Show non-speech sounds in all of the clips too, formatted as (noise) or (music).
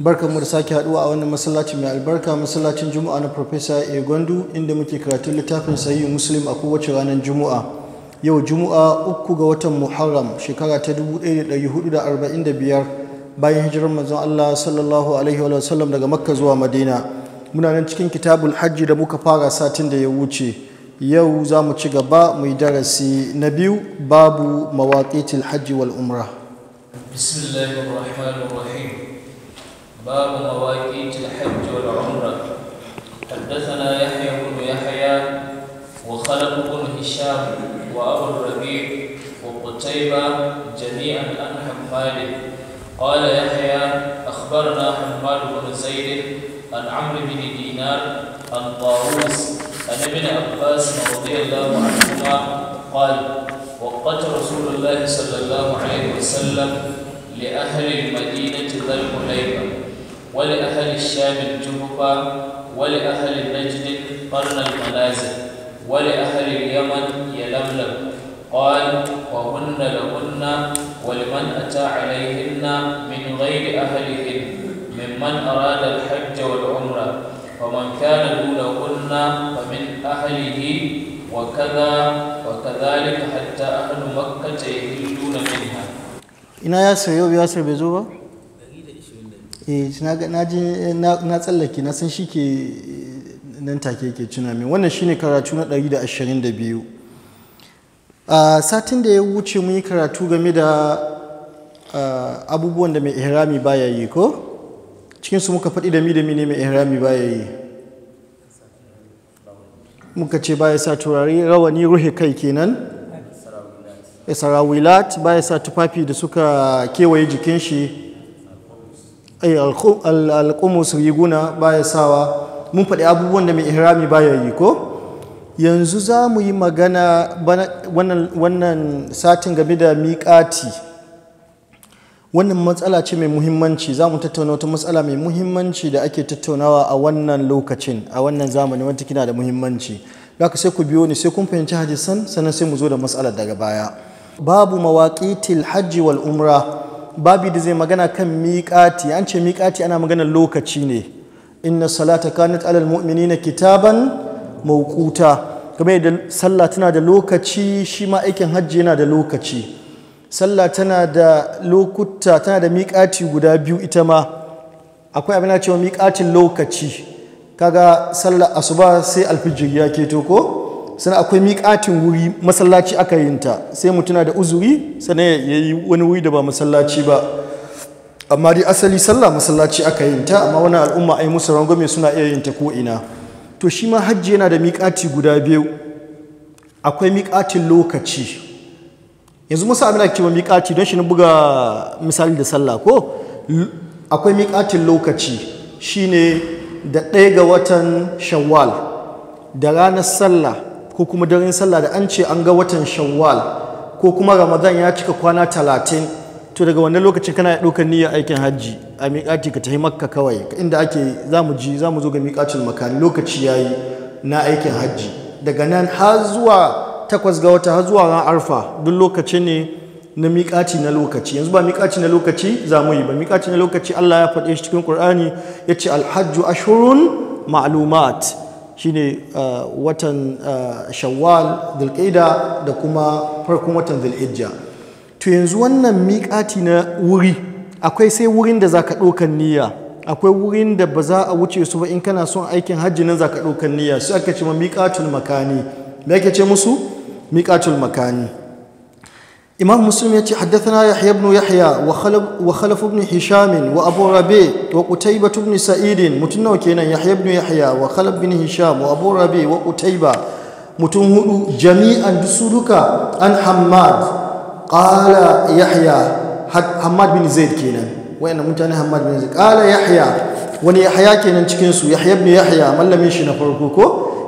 barka mu da sake haduwa a wannan masallacin mai albarka masallacin juma'a na professor a gwandu inda muke karatun littafin sahihin muslim a kowace ranar juma'a yau juma'a uku ga watan muharram shekara ta 1445 bayan hijirar manzon allah sallallahu alaihi wa sallam daga makka zuwa madina muna nan cikin kitabul hajji da muka fara satin da ya wuce yau za mu ci gaba mu yi darasi na biyu babu mawaƙitil hajji wal umra bismillahir rahmanir rahim باب مواقيت الحج والعمرة حدثنا يحيى بن يحيى وخلق بن هشام وأبو الربيع وقتيبة جميعا عن حمال قال يحيى أخبرنا حماد بن زيد عن عمرو بن دينار عن طاووس عن ابن عباس رضي الله عنهما قال وقت رسول الله صلى الله عليه وسلم لأهل المدينة ذا الحليمة ولأهل الشام الجهفة ولأهل نجد قرن المنازل ولأهل اليمن يلملم قال وهن لهن ولمن أتى عليهن من غير أهلهن ممن أراد الحج والعمرة فمن كان دونهن فمن أهله وكذا وكذلك حتى أهل مكة يهلون منها. إن يا سيدي يا بزوبة؟ Eh, na tsallake na san shi ke eh, nan take ke tuna min wannan shine karatu na 122 a satin da ya wuce mun yi karatu game da abubuwan da mai ihrami baya yi ko cikin su muka faɗi da mi da mi ne mai ihrami baya yi muka ce baya sa turare rawani ruhe kai kenan sarawilat eh, baya sa tufafi da suka kewaye jikin shi yi riguna baya sawa mun faɗi abubuwan da mai ihrami baya yi ko yanzu za mu yi magana wannan satin game da miƙati wannan matsala ce mai muhimmanci za mu tattauna wata matsala mai muhimmanci da ake tattaunawa a wannan lokacin a wannan zamani wata kina da muhimmanci ka sai ku biyo ni sai kun fahimci hadisan sannan sai mu zo da matsalar daga baya babu mawaƙitil hajji wal umra babi da zai magana kan miƙati an ce miƙati ana magana lokaci ne inna salata kanat alal mu'minina kitaban mawquta kuma da sallah tana da lokaci shi ma aikin hajji yana da lokaci sallah tana da lokuta tana da miƙati guda biyu ita ma akwai abin da cewa miƙatin lokaci kaga sallah asuba sai alfijir ya keto ko sannan akwai miƙatin wuri masallaci aka yin ta sai mutuna da uzuri sannan ya yi wani wuri da ba masallaci ba amma dai asali sallah masallaci aka yin ta amma wani al'umma ai musu rangome suna iya yin ta ko ina to shi ma hajji yana da miƙati guda biyu akwai miƙatin lokaci yanzu musa abin da ke miƙati don shi na buga misali da sallah ko akwai miƙatin lokaci shine da ɗaya ga watan shawwal da ranar sallah ko kuma daren sallah da an ce an ga watan shawwal ko kuma ramadan ya cika kwana talatin to daga wannan lokacin kana ya ɗaukar niyyar aikin hajji a miƙati ka tafi makka kawai inda ake za mu ji za mu zo ga miƙacin makani lokaci ya yi na aikin hajji daga nan har zuwa takwas ga wata har zuwa ran arfa duk lokaci ne na miƙaci na lokaci yanzu ba miƙaci na lokaci za mu yi ba miƙaci na lokaci Allah ya faɗe shi cikin ƙur'ani ya ce alhajju ashurun ma'lumat shine uh, watan uh, shawwal dhulqa'ida da kuma farkon watan dhulhijja to yanzu wannan miƙati na wuri akwai sai wurin da zaka ɗaukan niyya akwai wurin da ba za a wuce su ba in kana son aikin hajji nan zaka ɗaukan niyya sai aka ce ma miƙatul makani me ake ce musu miƙatul makani إمام مسلم يتي حدثنا يحيى بن يحيى وخلف, وخلف بن هشام وأبو ربيع وقتيبة بن سعيد متنو كينا يحيى بن يحيى وخلف بن هشام وأبو ربيع وقتيبة متنهد جميعا دسولك عن حماد قال يحيى حماد بن زيد كينا وين متنا حماد بن زيد قال يحيى وني يحيى كينا cikin يحيى بن يحيى ما لم shi na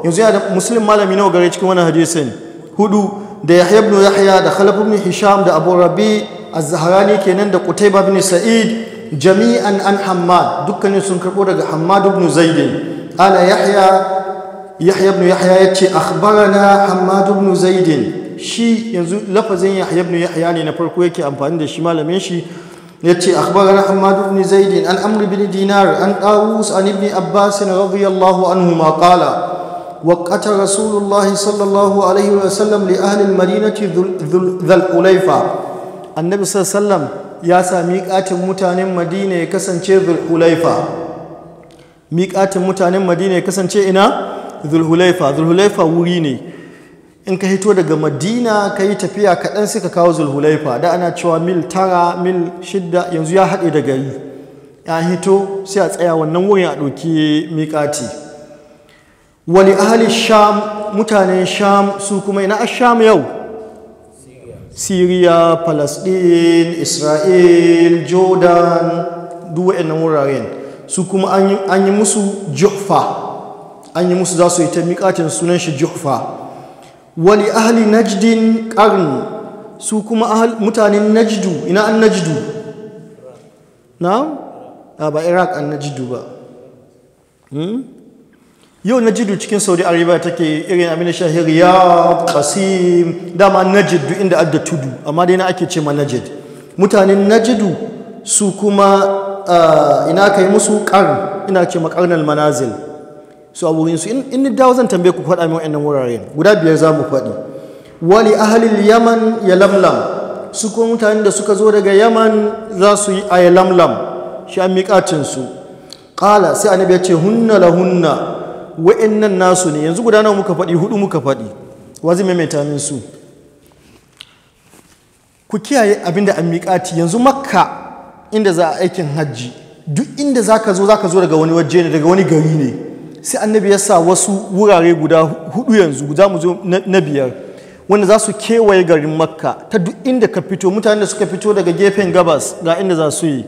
يوزيان مسلم ما لم da muslim malami nawa gare da Yahya ibn Yahya da Khalaf ibn Hisham da Abu Rabi Az-Zahrani kenan da Kutaiba ibn Sa'id jami'an an Hammad dukkanin sun karbo daga Hammad ibn Zaid ala Yahya Yahya ibn Yahya yace akhbarana Hammad ibn Zaid shi yanzu lafazin Yahya ibn Yahya ne na farko yake amfani da shi malamin shi yace akhbarana Hammad ibn Zaid an Amr ibn Dinar an Dawus an ibn Abbas radiyallahu anhu ma qala وقت رسول الله صلى الله عليه وسلم لأهل المدينة ذا الحليفة النبي صلى ya sa miƙatin mutanen madina ya kasance zulhulaifa miƙatin mutanen madina ya kasance ina zulhulaifa zulhulaifa wuri ne in ka hito daga madina ka yi tafiya kaɗan suka ka kawo zulhulaifa da ana cewa mil tara mil shidda yanzu ya haɗe da gari ya hito sai a tsaya wannan wurin a ɗauki miƙati wali ahali sham mutanen sham su kuma ina sham yau syria palestine israel jordan duk na wuraren su kuma an yi musu jufa an yi musu za su yi ta mikatin sunan shi jufa wali ahali najdin ƙarni su kuma mutanen najdu ina an najdu na? Ah, ba iraq an najdu ba hmm? yau najidu cikin saudi arabia take irin amina shahir ya kasi. dama najid duk inda adda tudu amma dai na ake ce ma najid mutanen najidu su kuma ina ka yi musu kar ina ce ma karnal manazil su a wurin su in ni dawo zan tambaye ku faɗa min wa'annan wuraren guda biyar za mu faɗi wali ahalil yaman ya lamlam su kuma mutanen da suka zo daga yaman za su yi a ya lamlam shi an miƙacin su ƙala sai annabi ya ce hunna la hunna wa'annan nasu ne yanzu guda nawa muka faɗi hudu muka faɗi wa zai maimaita min su ku kiyaye abin da an miƙati yanzu makka inda za a aikin hajji duk inda za ka zo za ka zo daga wani waje ne daga wani gari ne sai annabi ya sa wasu wurare guda hudu yanzu za mu zo na biyar wanda za su kewaye garin makka ta duk inda ka fito mutanen da suka fito daga gefen gabas ga inda za su yi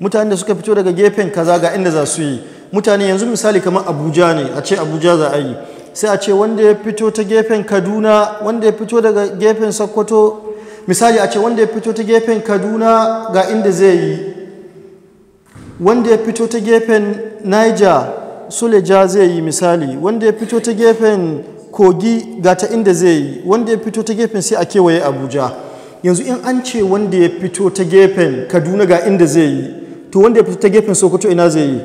mutanen da suka fito daga gefen kaza ga inda za su yi mutane yanzu misali kamar abuja ne a ce abuja za a yi sai a ce wanda ya fito ta gefen kaduna wanda ya fito daga gefen sokoto misali a ce wanda ya fito ta gefen kaduna ga inda zai yi wanda ya fito ta gefen niger suleja zai yi misali wanda ya fito ta gefen kogi ga ta inda zai yi wanda ya fito ta gefen sai a kewaye abuja yanzu in an ce wanda ya fito ta gefen kaduna ga inda zai yi to wanda ya fito ta gefen sokoto ina zai yi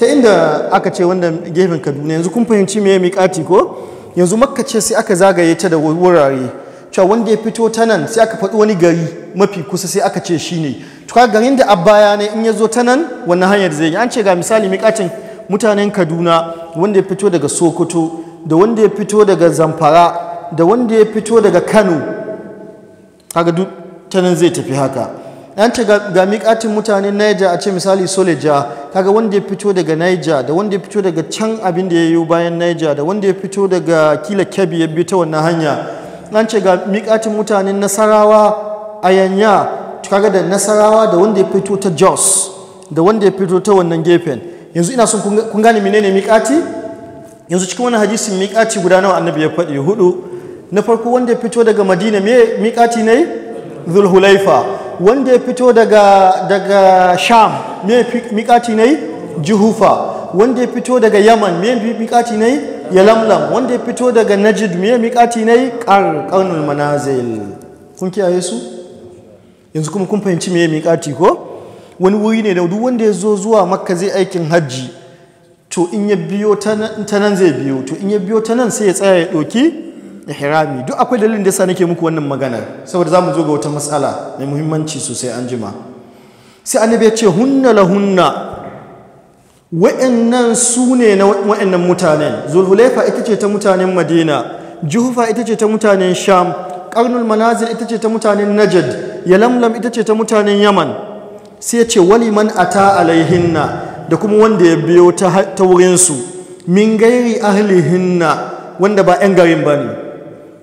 ta inda aka ce wanda gefen kaduna yanzu kun fahimci me miƙati ko yanzu makka ce sai aka zagaye ta da wurare cewa wanda ya fito ta nan sai aka faɗi wani gari mafi kusa sai aka ce shi ne tuka garin da abaya ne in ya zo ta nan wannan hanyar zai yi an ce ga misali miƙatin mutanen kaduna wanda ya fito daga sokoto da wanda ya fito daga zamfara da wanda ya fito daga kano kaga duk ta nan zai tafi haka an ce ga miƙatin mutanen naija a ce misali Soleja kaga wanda ya fito daga naija da wanda ya fito daga can abin da ya yi bayan naija da wanda ya fito daga kila Kebbi ya bi ta wannan hanya an ce ga miƙatin mutanen Nasarawa a Yanya kaga da Nasarawa da wanda ya fito ta Jos da wanda ya fito ta wannan gefen yanzu ina son kun gane ne miƙati yanzu cikin wani hadisin miƙati guda nawa annabi ya faɗi hudu na farko wanda ya fito daga Madina me miƙati ne Zulhulaifa wanda ya fito daga daga sham me miƙati ne juhufa wanda ya fito daga yaman me miƙati ne yalamlam wanda ya fito daga najid me miƙati ne ƙarnul manazil kun kiyaye su yanzu kuma kun fahimci me miƙati ko wani wuri ne da duk wanda ya zo zuwa makka zai aikin hajji to in ya biyo ta nan zai biyo to in ya biyo ta nan sai ya tsaya ya ɗoki ihrami duk akwai dalilin da yasa nake muku wannan maganar saboda zamu zo ga wata matsala mai muhimmanci sosai an jima sai annabi ya ce hunna lahunna wa'annan su ne na wa'annan mutanen zulhulaifa ita ce ta mutanen madina juhufa ita ce ta mutanen sham karnul manazil ita ce ta mutanen najad yalamlam ita ce ta mutanen yaman sai ya ce waliman ata alaihinna da kuma wanda ya biyo ta wurinsu min gairi ahlihinna wanda ba 'yan garin ba ne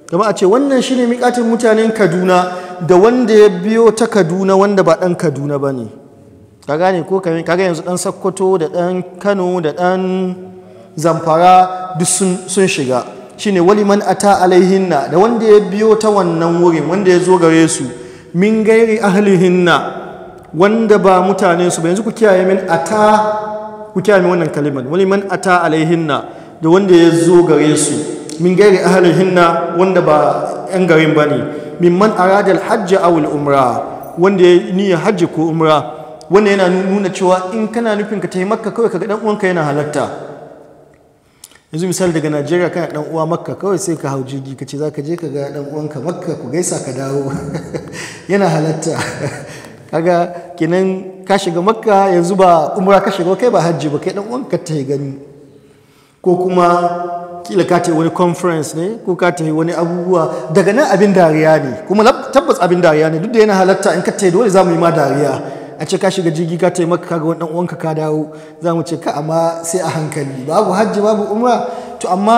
kama a ce wannan shine miƙatin mutanen kaduna da wanda ya biyo ta kaduna wanda ba ɗan kaduna ba ne ka gane ko kaga yanzu ɗan sakkwato da ɗan kano da ɗan zamfara duk sun shiga shine waliman ata alaihinna da wanda ya biyo ta wannan wurin wanda ya zo gare su min gairi ahlihinna wanda ba mutane su ba yanzu ku kiyaye min ata ku kiyaye min wannan kalimar waliman ata alaihinna da wanda ya zo gare su min gairi ahalin hinna wanda ba 'yan garin ba ne mimman aradar hajji awul umra wanda ya niyya hajji ko umra wanda yana nuna cewa in kana nufin ka taimaka kawai ka ga dan uwanka yana halatta yanzu misali daga najeriya kana dan uwa makka kawai sai ka hau jirgi ka ce za ka je ka ga dan uwanka makka ku gaisa ka dawo (laughs) yana halatta (laughs) kaga kenan ka shiga makka yanzu ba umra ka shiga kai ba hajji ba kai dan uwanka ta gani ko kuma kila ka ta wani conference ne ko ka ta wani abubuwa daga nan abin dariya ne kuma tabbas abin dariya ne duk da yana halatta in ka ta dole za mu yi ma dariya a ce ka shiga jirgi ka taimaka kaga wani dan uwanka ka dawo za mu ce ka amma sai a hankali babu hajji babu umra to amma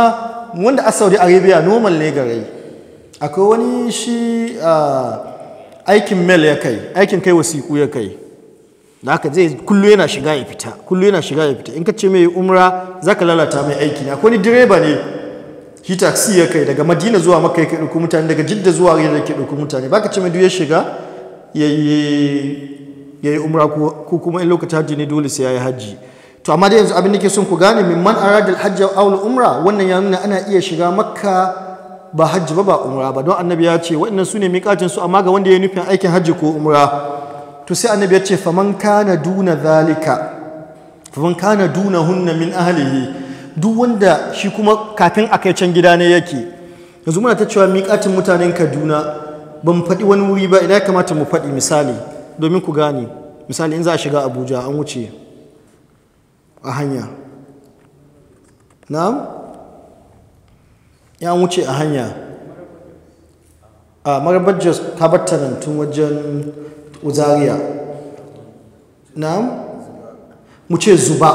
wanda a Saudi Arabia normal ne gare akwai wani shi ah, aikin mail ya kai aikin kai wasiku ya kai da haka zai kullu yana shiga ya fita kullu yana shiga ya fita in ka ce mai umra zaka lalata mai aiki na akwai direba ne shi taksi ya kai daga madina zuwa maka yake ɗauko mutane daga jidda zuwa yadda ke ɗauko mutane ba ce mai duk ya shiga ya yi umra ko kuma in lokacin hajji ne dole sai ya yi hajji to amma da yanzu abin da ke son ku gane min man aradal hajji aw umra wannan ya nuna ana iya shiga makka ba hajji ba ba umra ba don annabi ya ce waɗannan su ne miƙatin su amma ga wanda ya nufin aikin hajji ko umra to sai annabi ya ce faman kana duna zalika faman kana duna hunna min ahlihi duk wanda shi kuma kafin a kai can gida ne yake yanzu muna ta cewa miƙatin mutanen Kaduna ban faɗi wani wuri ba idan ya kamata mu faɗi misali domin ku gane misali in za a shiga Abuja an wuce a hanya na'am ya wuce a hanya a marabar ta tun wajen uzariya na mu ce zuba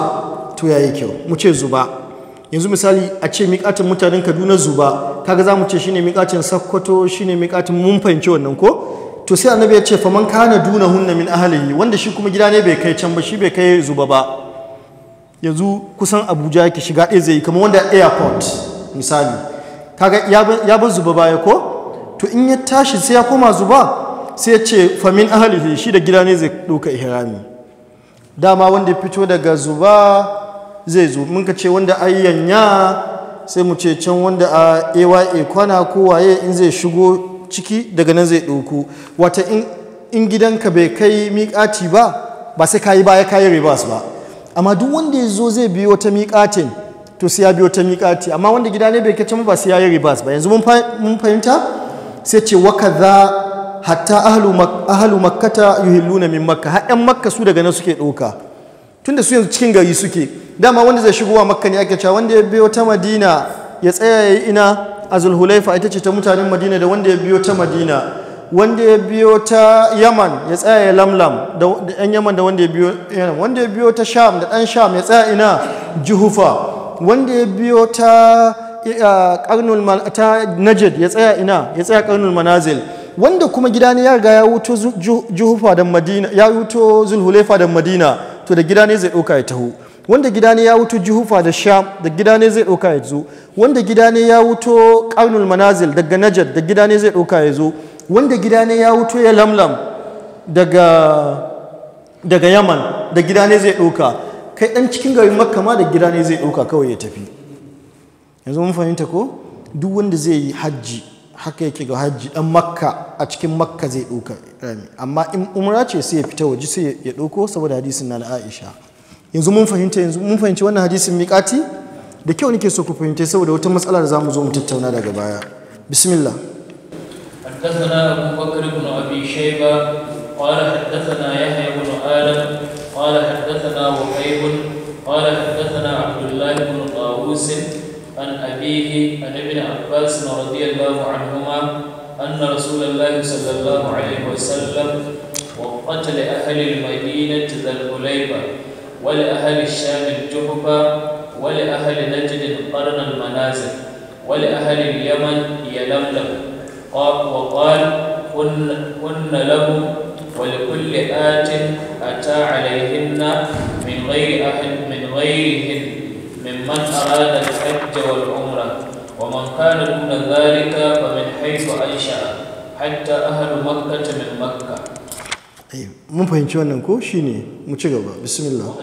to yayi kyau mu ce zuba yanzu misali a ce miƙatin mutanen kaduna zuba kaga za mu ce shine miƙatin sakkwato shine miƙatin mun fahimci wannan ko to sai annabi ya ce faman kana duna hunna min ahlihi wanda shi kuma gida ne bai kai can ba shi bai kai zuba ba yanzu kusan abuja yake shiga ɗaya zai yi kamar wanda airport misali kaga ya bar zuba baya ko to in ya tashi sai ya koma zuba sai ce famin ahalihi shi da gida ne zai ɗauka ihrami dama wanda ya fito daga zuba zai zo mun ka ce wanda ayyanya sai mu ce can wanda a aya kwana ko waye in zai shigo ciki daga nan zai ɗauko wata in gidanka bai kai miƙati ba ba sai kayi baya kayi ribas ba amma duk wanda ya zo zai biyo ta miƙatin to sai ya biyo ta miƙati amma wanda gida ne bai kai can ba sai ya yi ribas ba yanzu mun fahimta sai ce waka za hatta ahalu makkata yuhilluna min makka har yan makka su daga nan suke ɗauka tunda su yanzu cikin gari suke dama wanda zai shigowa makka ne ake cewa wanda ya biyo ta madina ya tsaya ya yi ina a zulhulaifa ita ce ta mutanen madina da wanda ya biyo ta madina wanda ya biyo ta yaman ya tsaya ya lamlam da yan yaman da wanda ya biyo wanda ya biyo ta sham da ɗan sham ya tsaya ina juhufa wanda ya biyo ta karnul eh, ta najid ya tsaya ina ya tsaya karnul manazil wanda kuma gida ne ya riga ya wuto juhufa da madina ya wuto zulhulefa da madina to da gida ne zai ɗauka ya taho wanda gida ne ya wuto juhufa da sham da gida ne zai ɗauka ya zo wanda gida ne ya wuto ƙarnul manazil daga najad da gida ne zai ɗauka ya zo wanda gida ne ya wuto ya lamlam daga yaman da gida ne zai ɗauka kai ɗan cikin garin makka ma da gida ne zai ɗauka kawai ya tafi yanzu mun fahimta ko duk wanda zai yi hajji haka yake ga hajji dan makka a cikin makka zai ɗauka rami amma in umra ce sai ya fita waje sai ya ɗauko saboda hadisin na aisha yanzu mun fahimta yanzu mun fahimci wannan hadisin miƙati da kyau nake so ku fahimta saboda wata matsala da zamu zo mu tattauna daga baya bismillah حدثنا أبو بكر بن أبي شيبة قال حدثنا يحيى بن آدم قال حدثنا وهيب قال حدثنا عبد الله بن طاووس عن أبيه عن ابن عباس رضي الله عنهما أن رسول الله صلى الله عليه وسلم وقت لأهل المدينة ذا الهليبة ولأهل الشام الجحفة ولأهل نجد قرن المنازل ولأهل اليمن يلملم وقال كن لهم ولكل آت أتى عليهن من غير أهل من غيرهن ممن أراد الحج والعمرة ومن كان دون ذلك فمن حيث أنشأ حتى أهل مكة من مكة أي mun fahimci wannan ko shine mu ci gaba bismillah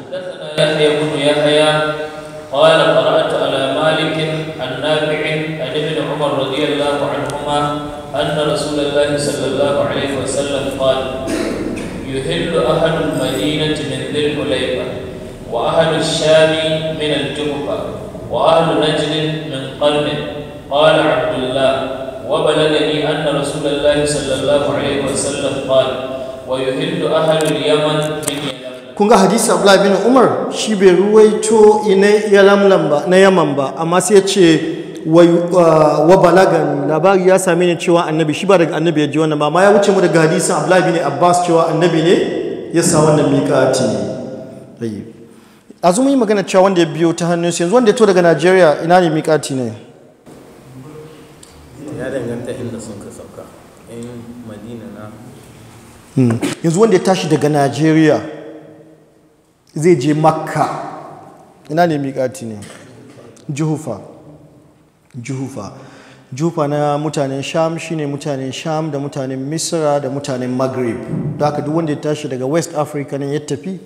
yahya ibn yahya qala qara'tu ala malik an nafi' an ibn umar radiyallahu anhuma anna rasulullahi sallallahu alayhi wa sallam qala yuhillu ahlu al-madinati min dhil hulayfa وأهل الشام من الجحفة وأهل نجد من قرن قال عبد الله وبلغني أن رسول الله صلى الله عليه وسلم قال ويهل أهل اليمن من kun ga hadisi Abdullahi bin Umar shi bai ruwaito ina yalamlam ba na Yaman ba amma sai ya ce wa uh, balagan labari ya same ni cewa annabi shi ba daga annabi ya ji wannan ba amma ya wuce mu daga hadisin Abdullahi bin Abbas cewa annabi ne ya sa wannan miƙati tayyib A zuma yi magana cewa wanda ya biyo ta hannun su yanzu wanda ya to daga najeriya ina ne miƙati ne ya danganta inda sun ka sauka in madina na hmm. yanzu wanda ya tashi daga najeriya zai je makka ina ne miƙati ne juhufa juhufa juhufa na mutanen sham shine mutanen sham da mutanen misra da mutanen maghrib da haka duk wanda ya tashi daga west africa ne ya tafi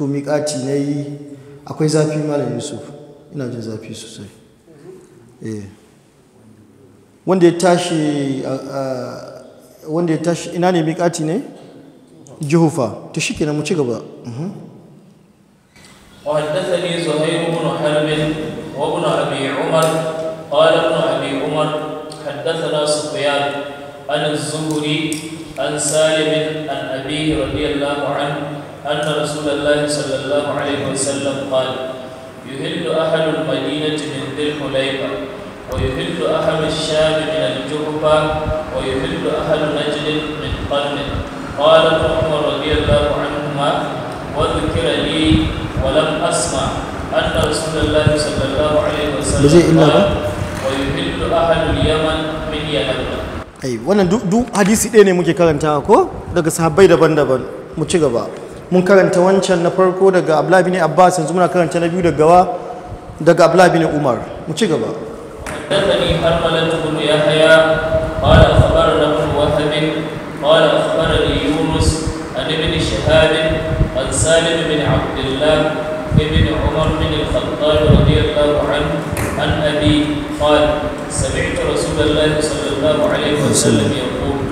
to miƙati na yi akwai zafi mara yusuf ina jin zafi sosai eh. wanda ya tashi ina ne miƙati ne jihufa ta shi kenan mu ci gaba وحدثني زهير بن حرب وابن ابي عمر قال ابن ابي عمر حدثنا سفيان عن الزهري عن سالم عن ابيه رضي الله عنه أن رسول الله صلى الله عليه وسلم قال يهل أهل المدينة من ذي الحليفة ويهل أهل الشام من الجهبة ويهل أهل نجد من قرن قال ابن عمر رضي الله عنهما وذكر لي ولم أسمع أن رسول الله صلى الله عليه وسلم قال ويهل أهل اليمن من يهل ai wannan duk hadisi ɗaya ne muke karanta ko daga sahabbai daban-daban mu ci gaba mun karanta wancan na farko daga ablabi ne abbas yanzu muna karanta na biyu daga daga ablabi ne umar mu ci gaba dadani har malatu bin yahya qala akhbarana bin wahab qala akhbarani yunus an ibn shahab an salim bin abdullah ibn umar bin al-khattab radiyallahu anhu an abi qala sami'tu rasulullah sallallahu alayhi wa sallam yaqul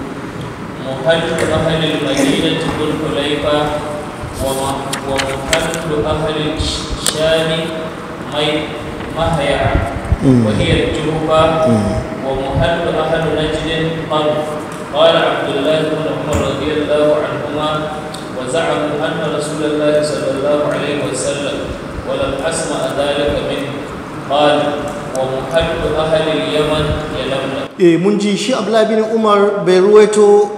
muhajjir ahli al-madinah bin hulayfa Wa Shani Mai Mahaya, wa hiyar Chukwuka, wa muhalli ahalin Najeriya Mangwa, Bala Abdullahi I Amarwal, Yusuf Mun ji shi abu abun umar bai ruwaito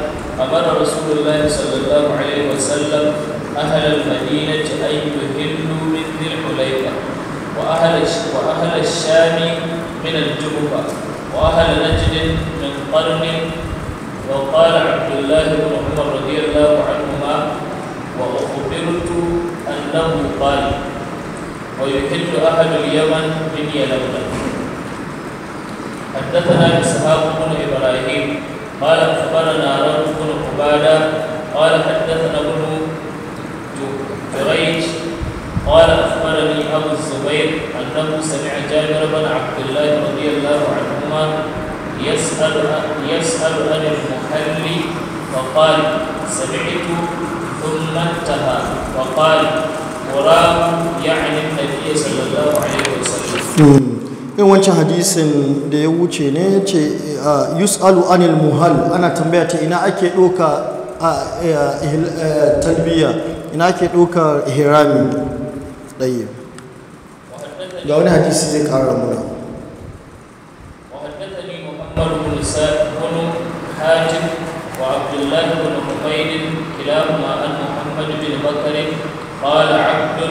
أمر رسول الله صلى الله عليه وسلم أهل المدينة أن يهلوا من ذي الحليفة وأهل وأهل الشام من الجبهة وأهل نجد من قرن وقال عبد الله بن عمر رضي الله عنهما وأخبرت أنه قال ويحل أهل اليمن من يلملم حدثنا إسحاق بن إبراهيم قال أخبرنا رمز بن عبادة قال حدثنا ابن جريج قال أخبرني أبو الزبير أنه سمع جابر بن عبد الله رضي الله عنهما يسأل يسأل عن المحل فقال سمعت ثم انتهى فقال وراه يعني النبي صلى الله عليه وسلم hmm. in wancan hadisin da ya wuce ne ce yus'alu anil muhal ana tambaya ta ina ake ɗauka eh, eh, talbiya ina ake ɗauka hirami ɗaya ga wani hadisi zai ƙara muna قال عبد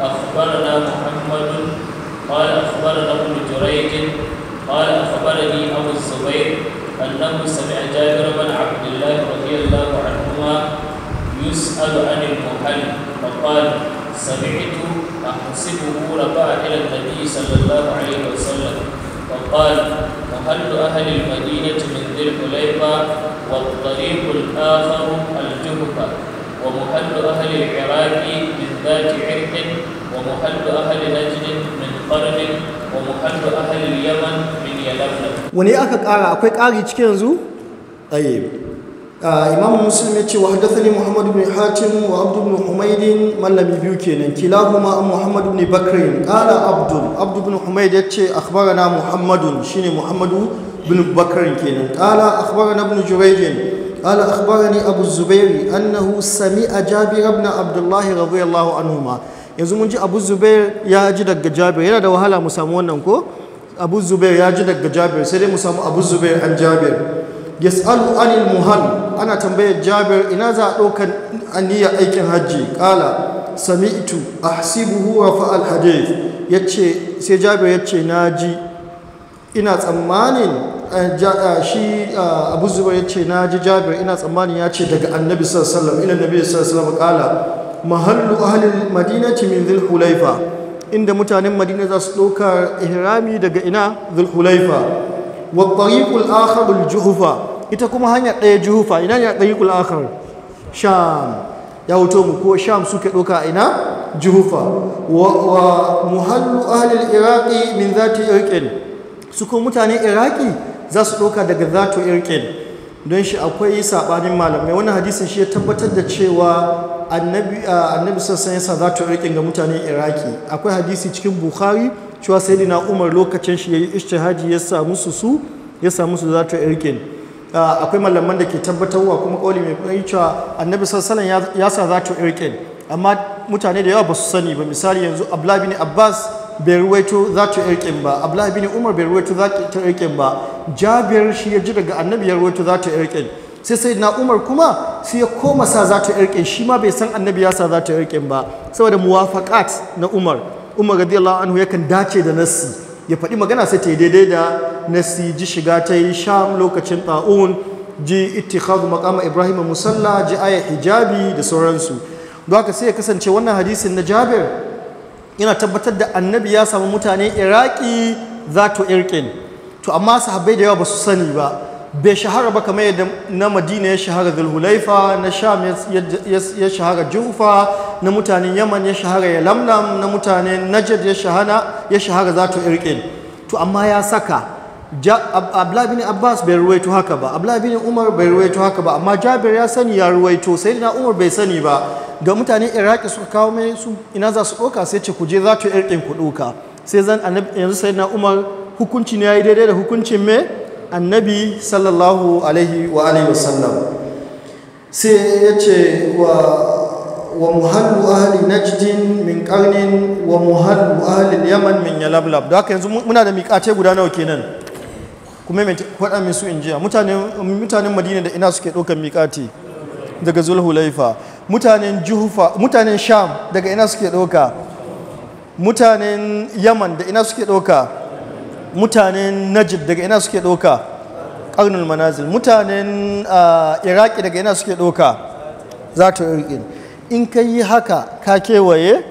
أخبرنا محمد قال أخبرنا ابن جريج قال أخبرني أبو الزبير أنه سمع جابر بن عبد الله رضي الله عنهما يسأل عن المحل فقال سمعت أحسبه رفع إلى النبي صلى الله عليه وسلم فقال محل أهل المدينة من ذي الحليفة والطريق الآخر الجهبة ومحل أهل العراق من ذات عرق ومحل أهل نجد من قرن ومحل أهل اليمن من يلبن وني أكا قارا أكوي قاري تكين زو طيب إمام مسلم يتي وحدثني محمد بن حاتم وعبد بن حميد من لم يبيوكين كلاهما محمد بن بكر قال عبد عبد بن حميد يتي أخبرنا محمد شيني محمد بن بكر كينن قال أخبرنا ابن جريج قال أخبرني أبو الزبير أنه سمع جابر بن عبد الله رضي الله عنهما yanzu mun ji abu zubair ya ji daga jabir yana da wahala mu samu wannan ko abu zubair ya ji daga jabir sai dai mu samu abu zubair an jabir yas'alu anil muhal ana tambayar jabir ina za a ɗaukar aniyar aikin hajji ƙala sami'tu ahsibuhu rafa al hadith yace sai jabir yace ji ina tsammanin eh, eh, shi eh, abu zubair yace ji jabir ina tsammanin yace daga annabi sallallahu alaihi wasallam ila nabi sallallahu alaihi wasallam ƙala mahallu ahalin madinati min zulhulaifa inda mutanen madina za su ɗauka ihrami daga ina zulhulaifa wa ɗariƙul akhar juhufa ita kuma hanya ɗaya juhufa ina ne ɗariƙul akhar sham ya wuto mu ko sham suke ɗauka ina juhufa wa, muhallu ahalil iraki min ta irqin su kuma mutanen iraki za su ɗauka daga zato irqin don shi akwai saɓanin malamai wannan hadisin shi ya tabbatar da cewa annabi annabi sassan yasa za ta riƙe ga mutanen iraki akwai hadisi cikin bukhari cewa sayyidina umar lokacin shi yayi ijtihadi ya samu su su ya samu su za ta riƙe akwai malaman da ke tabbatarwa kuma kauli mai kai cewa annabi sassan ya sa za ta riƙe amma mutane da yawa ba su sani ba misali yanzu abdullahi bin abbas bai ruwaito za ta riƙe ba abdullahi bin umar bai ruwaito za ta riƙe ba jabir shi ya ji daga annabi ya ruwaito za ta riƙe sai sai na umar kuma sai ya koma sa za ta shi ma bai san annabi ya sa za ta ba saboda muwafaqat na umar umar radiyallahu anhu yakan dace da nassi ya faɗi magana sai ta daidai da nassi ji shiga ta yi sham lokacin ta'un ji ittikhad maqama ibrahim musalla ji aya hijabi da sauransu don haka sai ya kasance wannan hadisin na jabir yana tabbatar da annabi ya samu mutane iraki za to irkin to amma sahabbai da yawa ba su sani ba bai shahara ba kamar yadda na madina ya shahara zulhulaifa na sham ya shahara jufa na mutanen yaman ya shahara ya lamnam na mutanen najad ya shahara ya shahara zato irkin to amma ya saka ablabini abbas bai ruwaito haka ba ablabini umar bai ruwaito haka ba amma jabir ya sani ya ruwaito sai na umar bai sani ba Ga mutanen iraki suka kawo mai su ina za su ɗauka sai ce ku je zato irkin ku ɗauka sai zan yanzu sai na umar hukunci ne ya yi daidai da hukuncin mai. annabi sallallahu alaihi wa alaihi wasallam sai ya ce wa wa muhallu ahli najdin min karnin wa muhallu ahli yaman min yalablab da haka yanzu muna da miƙace guda nawa kenan kuma mai faɗa min su in jiya mutanen madina da ina suke ɗaukar miƙati daga zulhulaifa mutanen juhufa mutanen sham daga ina suke ɗauka mutanen yaman da ina suke ɗauka mutanen Najib daga ina suke ɗauka ƙarnul manazil mutanen iraki daga ina suke ɗauka za ta irkin in ka yi haka ka kewaye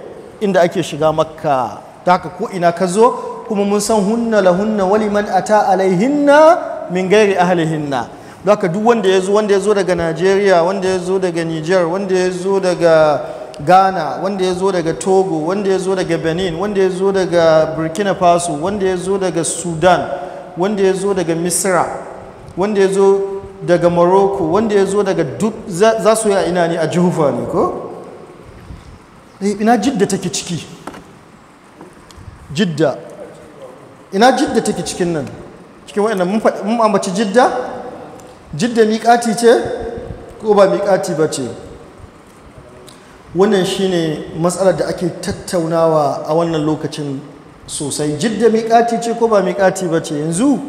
inda ake shiga makka ta haka ko ina ka zo kuma mun san hunna la hunna wali man ata alaihinna min gairi ahlihinna haka duk wanda ya zo wanda ya zo daga najeriya wanda ya zo daga niger wanda ya zo daga ghana wanda ya zo daga togo wanda ya zo daga benin wanda ya zo daga burkina faso wanda ya zo daga sudan wanda ya zo daga misra wanda ya zo daga morocco wanda ya zo daga duk za su yi a ina ne a jihufa ne ko eh, ina jidda take ciki jidda ina jidda take cikin nan cikin waɗannan mun ambaci jidda jidda miƙati ce ko ba miƙati ba ce wannan shine matsalar da ake tattaunawa a wannan lokacin sosai jidda miƙati ce ko ba miƙati ba ce yanzu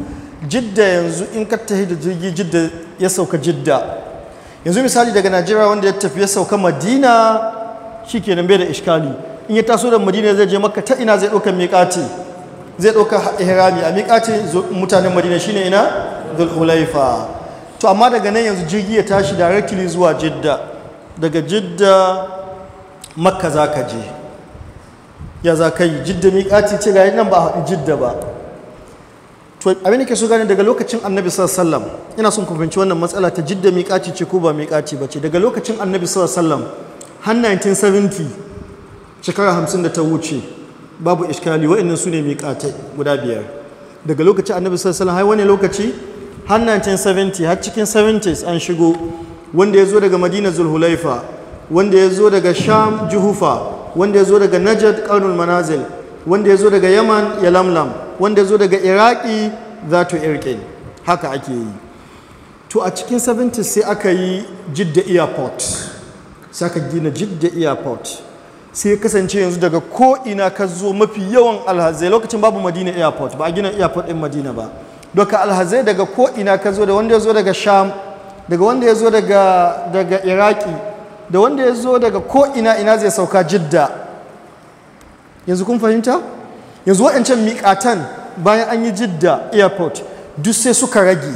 jidda yanzu in ka tafi da jirgi jidda ya sauka jidda yanzu misali daga najeriya wanda ya tafi ya sauka madina shi kenan bai da ishkali in ya taso da madina zai je maka ta ina zai ɗaukar miƙati zai ɗaukar ihrami a miƙati mutanen madina shine ina dhulhulaifa to amma daga nan yanzu jirgi ya tashi directly zuwa jidda daga jidda makka za ka je ya za ka yi jidda miƙati ce ga nan ba a haɗu jidda ba to abin da ke so gane daga lokacin annabi sallallahu ina son kumfanci wannan matsala ta jidda miƙati ce ko ba miƙati ba ce daga lokacin annabi sallallahu har 1970 shekara hamsin da ta wuce babu iskali wa'annan su ne miƙatai guda biyar daga lokacin annabi sallallahu har wani lokaci har 1970 har cikin 70s an shigo wanda ya zo daga madina zulhulaifa wanda ya zo daga sham juhufa wanda ya zo daga najad karnul manazil wanda ya zo daga yaman ya lamlam wanda ya zo daga iraki za to irkin haka ake yi to a cikin 70 sai aka yi jidda airport sai aka gina jidda airport sai ya kasance yanzu daga ko'ina ka zo mafi yawan alhazai lokacin babu madina airport ba a gina airport din madina ba doka alhazai daga ko'ina ka zo da wanda ya zo daga sham daga wanda ya zo daga iraki da wanda ya zo daga ko ina ina zai sauka jidda yanzu kun fahimta yanzu waɗancan miƙatan bayan an yi jidda airport duk sai suka rage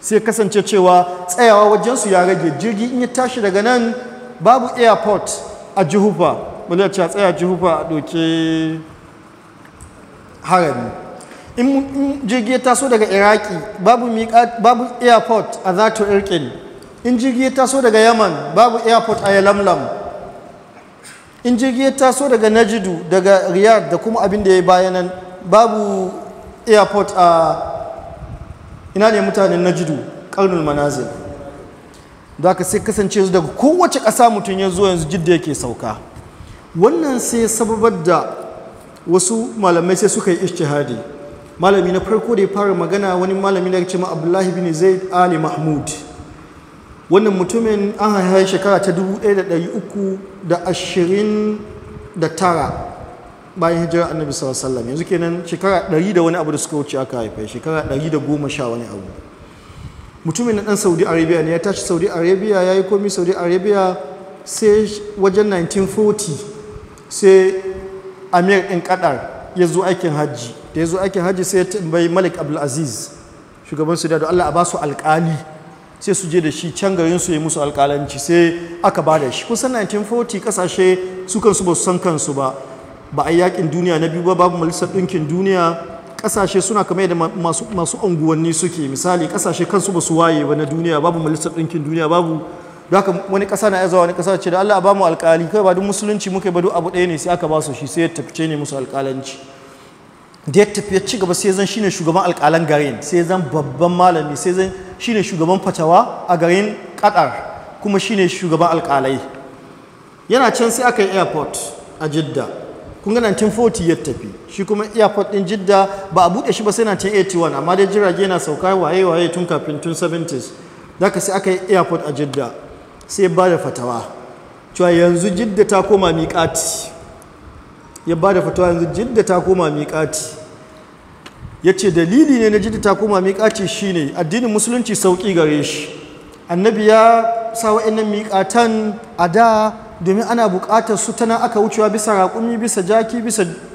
sai kasance cewa tsayawa wajensu ya rage jirgi in ya tashi daga nan babu airport a jihufa ya ce a tsaya jihufa a doke harami in jirgi ya taso daga iraki babu airport a zato irkin in jirgi ya taso daga yaman babu airport a yalamlam in jirgi ya taso daga najidu daga riyadh da kuma abin da ya yi bayanan babu airport a ina ne mutanen najidu karnul manazil da ka sai kasance su daga kowace ƙasa mutum ya zo yanzu jidda yake sauka wannan sai sababar da wasu malamai sai suka yi ishtihadi malami na farko da ya fara magana wani malami da ya ce ma abdullahi bin zaid ali mahmud wannan mutumin an haihe shekara ta 1329 bayan hijira annabi sallallahu alaihi wasallam yanzu kenan shekara 100 da wani abu da suka wuce aka haifai shekara 110 wani abu mutumin na dan Saudi Arabia ne ya tashi Saudi Arabia ya yi komi Saudi Arabia sai wajen 1940 sai Amir ɗin kaɗar ya zo aikin hajji da ya zo aikin hajji sai ya tambayi Malik Abdulaziz shugaban su da Allah a ba su alƙali sai su je da shi can garin su ya musu alkalanci sai aka ba da shi kusan 1940 kasashe su kansu ba su san kansu ba ba a yakin duniya na biyu ba babu majalisar ɗinkin duniya kasashe suna kamar yadda masu masu unguwanni suke misali kasashe kansu ba su waye ba na duniya babu majalisar ɗinkin duniya babu haka wani ƙasa na yazawa wani ƙasa ce da Allah ba mu alƙali kai ba duk musulunci muke ba duk abu ɗaya ne sai aka ba su shi sai ya tafce ne musu alƙalanci da ya tafi ya ci gaba sai zan shine shugaban alƙalan garin sai zan babban malami sai zan shine shugaban fatawa a garin Qatar kuma shine shugaban alƙalai yana can sai aka yi airport a Jidda kun ga 1940 ya tafi shi kuma airport din Jidda ba a buɗe shi ba sai 1981 amma dai jirage yana sauka waye waye tun kafin tun 70s daga sai aka yi airport a Jidda sai ba da fatawa cewa yanzu Jidda ta koma miƙati ya ba da fatawa yanzu jidda ta koma miƙati ya ce dalili ne na jidda ta koma miƙati shine addinin musulunci sauƙi gare shi annabi ya sa wa'annan miƙatan a da domin ana buƙatar su tana aka wucewa bisa raƙumi bisa jaki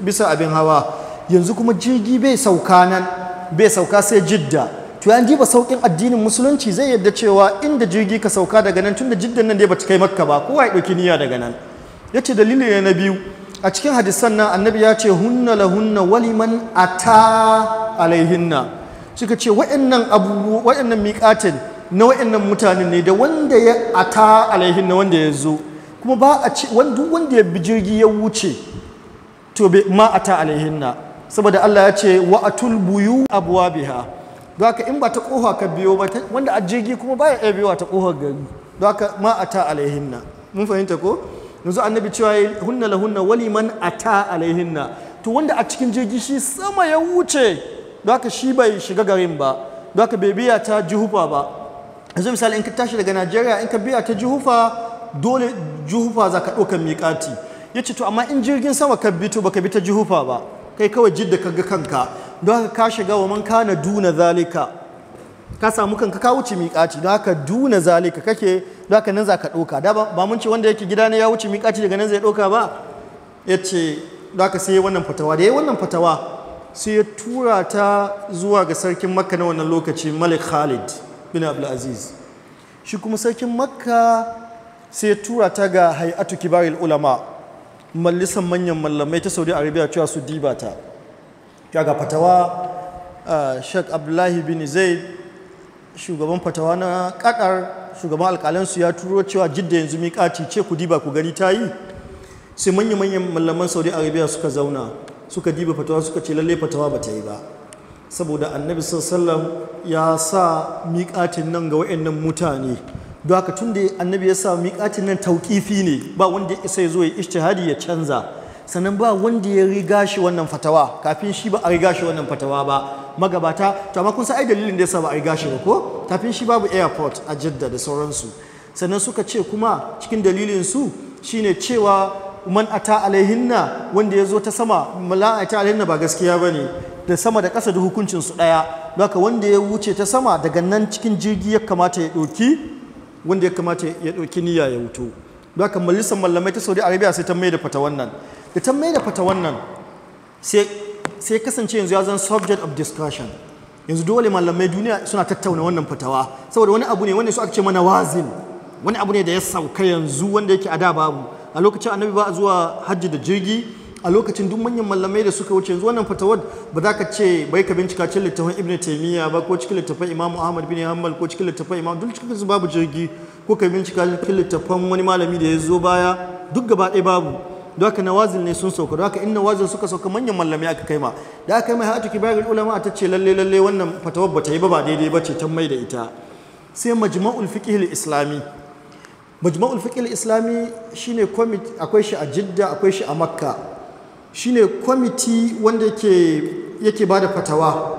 bisa abin hawa yanzu kuma jirgi bai sauka nan bai sauka sai jidda to yanzu jiba sauƙin addinin musulunci zai yadda cewa inda jirgi ka sauka daga nan tun da jiddan nan dai bata kai makka ba kowa ya ɗauki niyya daga nan ya ce dalili ne na biyu a cikin hadisan nan annabi ya ce hunna hunna waliman ata alaihinna suka ce wa'annan abubu wa'annan miƙatin na wa'annan mutanen ne da wanda ya ata alaihinna wanda ya zo kuma ba a ce wanda wanda ya bi jirgi ya wuce to be ma ata alaihinna saboda Allah ya ce wa'atul buyu abwabiha don haka in ba ta kofa ka biyo ba wanda a jirgi kuma baya iya biyowa ta kofar gari don haka ma ata alaihinna mun fahimta ko yanzu annabi cewa ya hunna hunna wali man ta alaihinna to wanda a cikin jirgi shi sama ya wuce don haka shi bai shiga garin ba don haka bai biya ta juhufa ba yanzu misali in ka tashi daga najeriya in ka biya ta juhufa dole juhufa za ka ɗaukar miƙati ya ce to amma in jirgin sama ka bi to baka bi ta juhufa ba kai kawai jidda ka ga kanka don haka ka shiga wa man kana duna zalika ka samu kanka ka wuce miƙaci don haka duna zalika kake don haka nan za ka ɗauka da ba mun ce wanda yake gida ne ya wuce miƙaci daga nan zai ɗauka ba ya ce don haka sai wannan fatawa da ya wannan fatawa sai ya tura ta zuwa ga sarkin makka na wannan lokaci malik khalid bin abdulaziz shi kuma sarkin makka sai ya tura ta ga hay'atu kibaril ulama mallisan manyan mallamai ta saudi arabia cewa su diba ta ga fatawa ah, shek abdullahi bin zaid shugaban fatawa na kadar shugaban alkalansu ya turo cewa jidda yanzu miƙaci ce ku diba ku gani ta yi sai manya-manyan mallaman saudi arabia suka zauna suka diba fatawa suka ce lalle fatawa ba ta yi ba saboda annabi sallam ya sa miƙatin nan ga wa'annan mutane don haka tun da annabi ya sa miƙatin nan tauƙifi ne ba wanda ya isa ya zo ya ishtihadi ya canza sannan ba wanda ya riga shi wannan fatawa kafin shi ba a riga shi wannan fatawa ba magabata to amma kun san ai dalilin da yasa ba a yi ba ko kafin shi babu airport a Jidda da sauransu sannan suka ce kuma cikin dalilin su shine cewa man ata alaihinna wanda yazo zo ta sama mala alaihinna ba gaskiya bane da sama da ƙasa da hukuncin su daya haka wanda ya wuce ta sama daga nan cikin jirgi ya kamata ya ɗauki wanda ya kamata ya ɗauki niyya ya wuto haka majalisar mallamai ta saudi arabia sai ta mai da fata wannan da ta mai da fata wannan sai sai kasance yanzu ya zan subject of discussion yanzu dole malamai duniya suna tattauna wannan fatawa saboda wani abu ne wanda su aka ce mana wazin wani abu ne da ya sauka yanzu wanda yake a da babu a lokacin annabi ba zuwa hajji da jirgi a lokacin duk manyan malamai da suka wuce yanzu wannan fatawar ba za ka ce bai ka bincika cikin littafin ibn taymiya ba ko cikin littafin imam ahmad bin hanbal ko cikin littafin imam duk cikin su babu jirgi ko ka bincika cikin littafin wani malami da ya zo baya duk gaba ɗaya babu don haka nawazil ne sun sauka don haka in nawazil suka sauka manyan mallami aka kai ma da aka kai mai hatu kibarul ulama ta ce lalle lalle wannan fatawar ta yi ba ba daidai ba ce ta mai da ita sai majma'ul fiqhil islami majma'ul fiqhil islami shine committee akwai shi a jidda akwai shi a makka shine committee wanda yake yake bada fatawa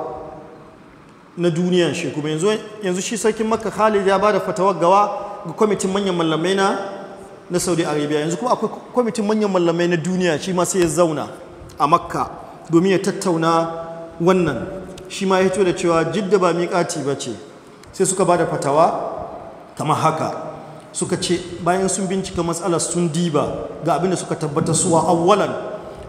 na duniyan shi kuma yanzu yanzu shi sarkin makka khalid ya bada fatawar gawa ga committee manyan mallamai na na saudi arabia yanzu kuma akwai kwamitin manyan mallamai na duniya shi ma sai ya zauna a makka domin ya tattauna wannan shi ma ya hito da cewa jidda ba miƙati ba ce sai suka ba da fatawa kamar haka suka ce bayan sun bincika matsalar sun diba ga abin da suka tabbata suwa awwalan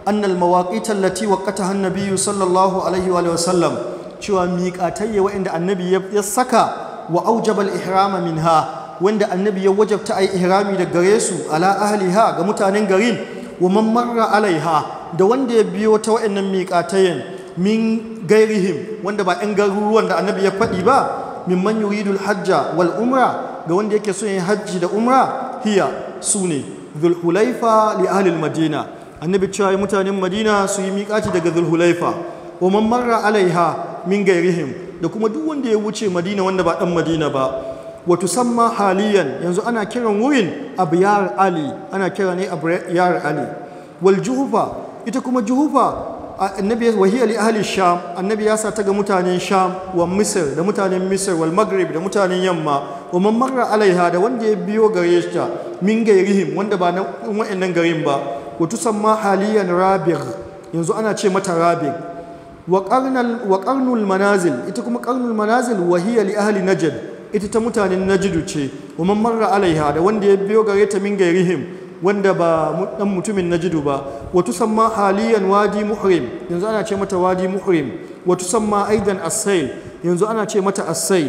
annal mawaqit lati waqataha an-nabiy sallallahu alaihi wa sallam cewa miƙatayya wa'inda annabi ya saka wa aujabal ihrama minha wanda annabi ya wajabta a yi ihrami da gare su ala ahliha ga mutanen garin wa man marra alaiha da wanda ya biyo ta wa'annan miƙatayen min gairihim wanda ba 'yan garuruwan da annabi ya faɗi ba min man yuridul hajja wal umra ga wanda yake so yin hajji da umra hiya su ne zulhulaifa li ahlil madina annabi cewa mutanen madina su yi miƙaci daga zulhulaifa wa man marra alaiha min gairihim da kuma duk wanda ya wuce madina wanda ba ɗan madina ba wa tusamma haliyan yanzu ana kiran wurin yar ali ana kira ne yar ali wal juhufa ita kuma juhufa annabi wahiya li ahli sham annabi ya sa ta ga mutanen sham wa misr da mutanen Misir, wal maghrib da mutanen yamma wa man marra alaiha da wanda ya biyo gare ta min gairihim wanda ba na wa'annan garin ba wa tusamma haliyan rabig yanzu ana ce mata rabi wa qarnal wa qarnul manazil ita kuma qarnul manazil wahiya li ahli najd ita ta mutanen najidu ce wa marra alaiha da wanda ya biyo gare ta min gairihim wanda ba dan mutumin najidu ba wa tusamma haliyan wadi muhrim yanzu ana ce mata wadi muhrim wa tusamma aidan as yanzu ana ce mata asail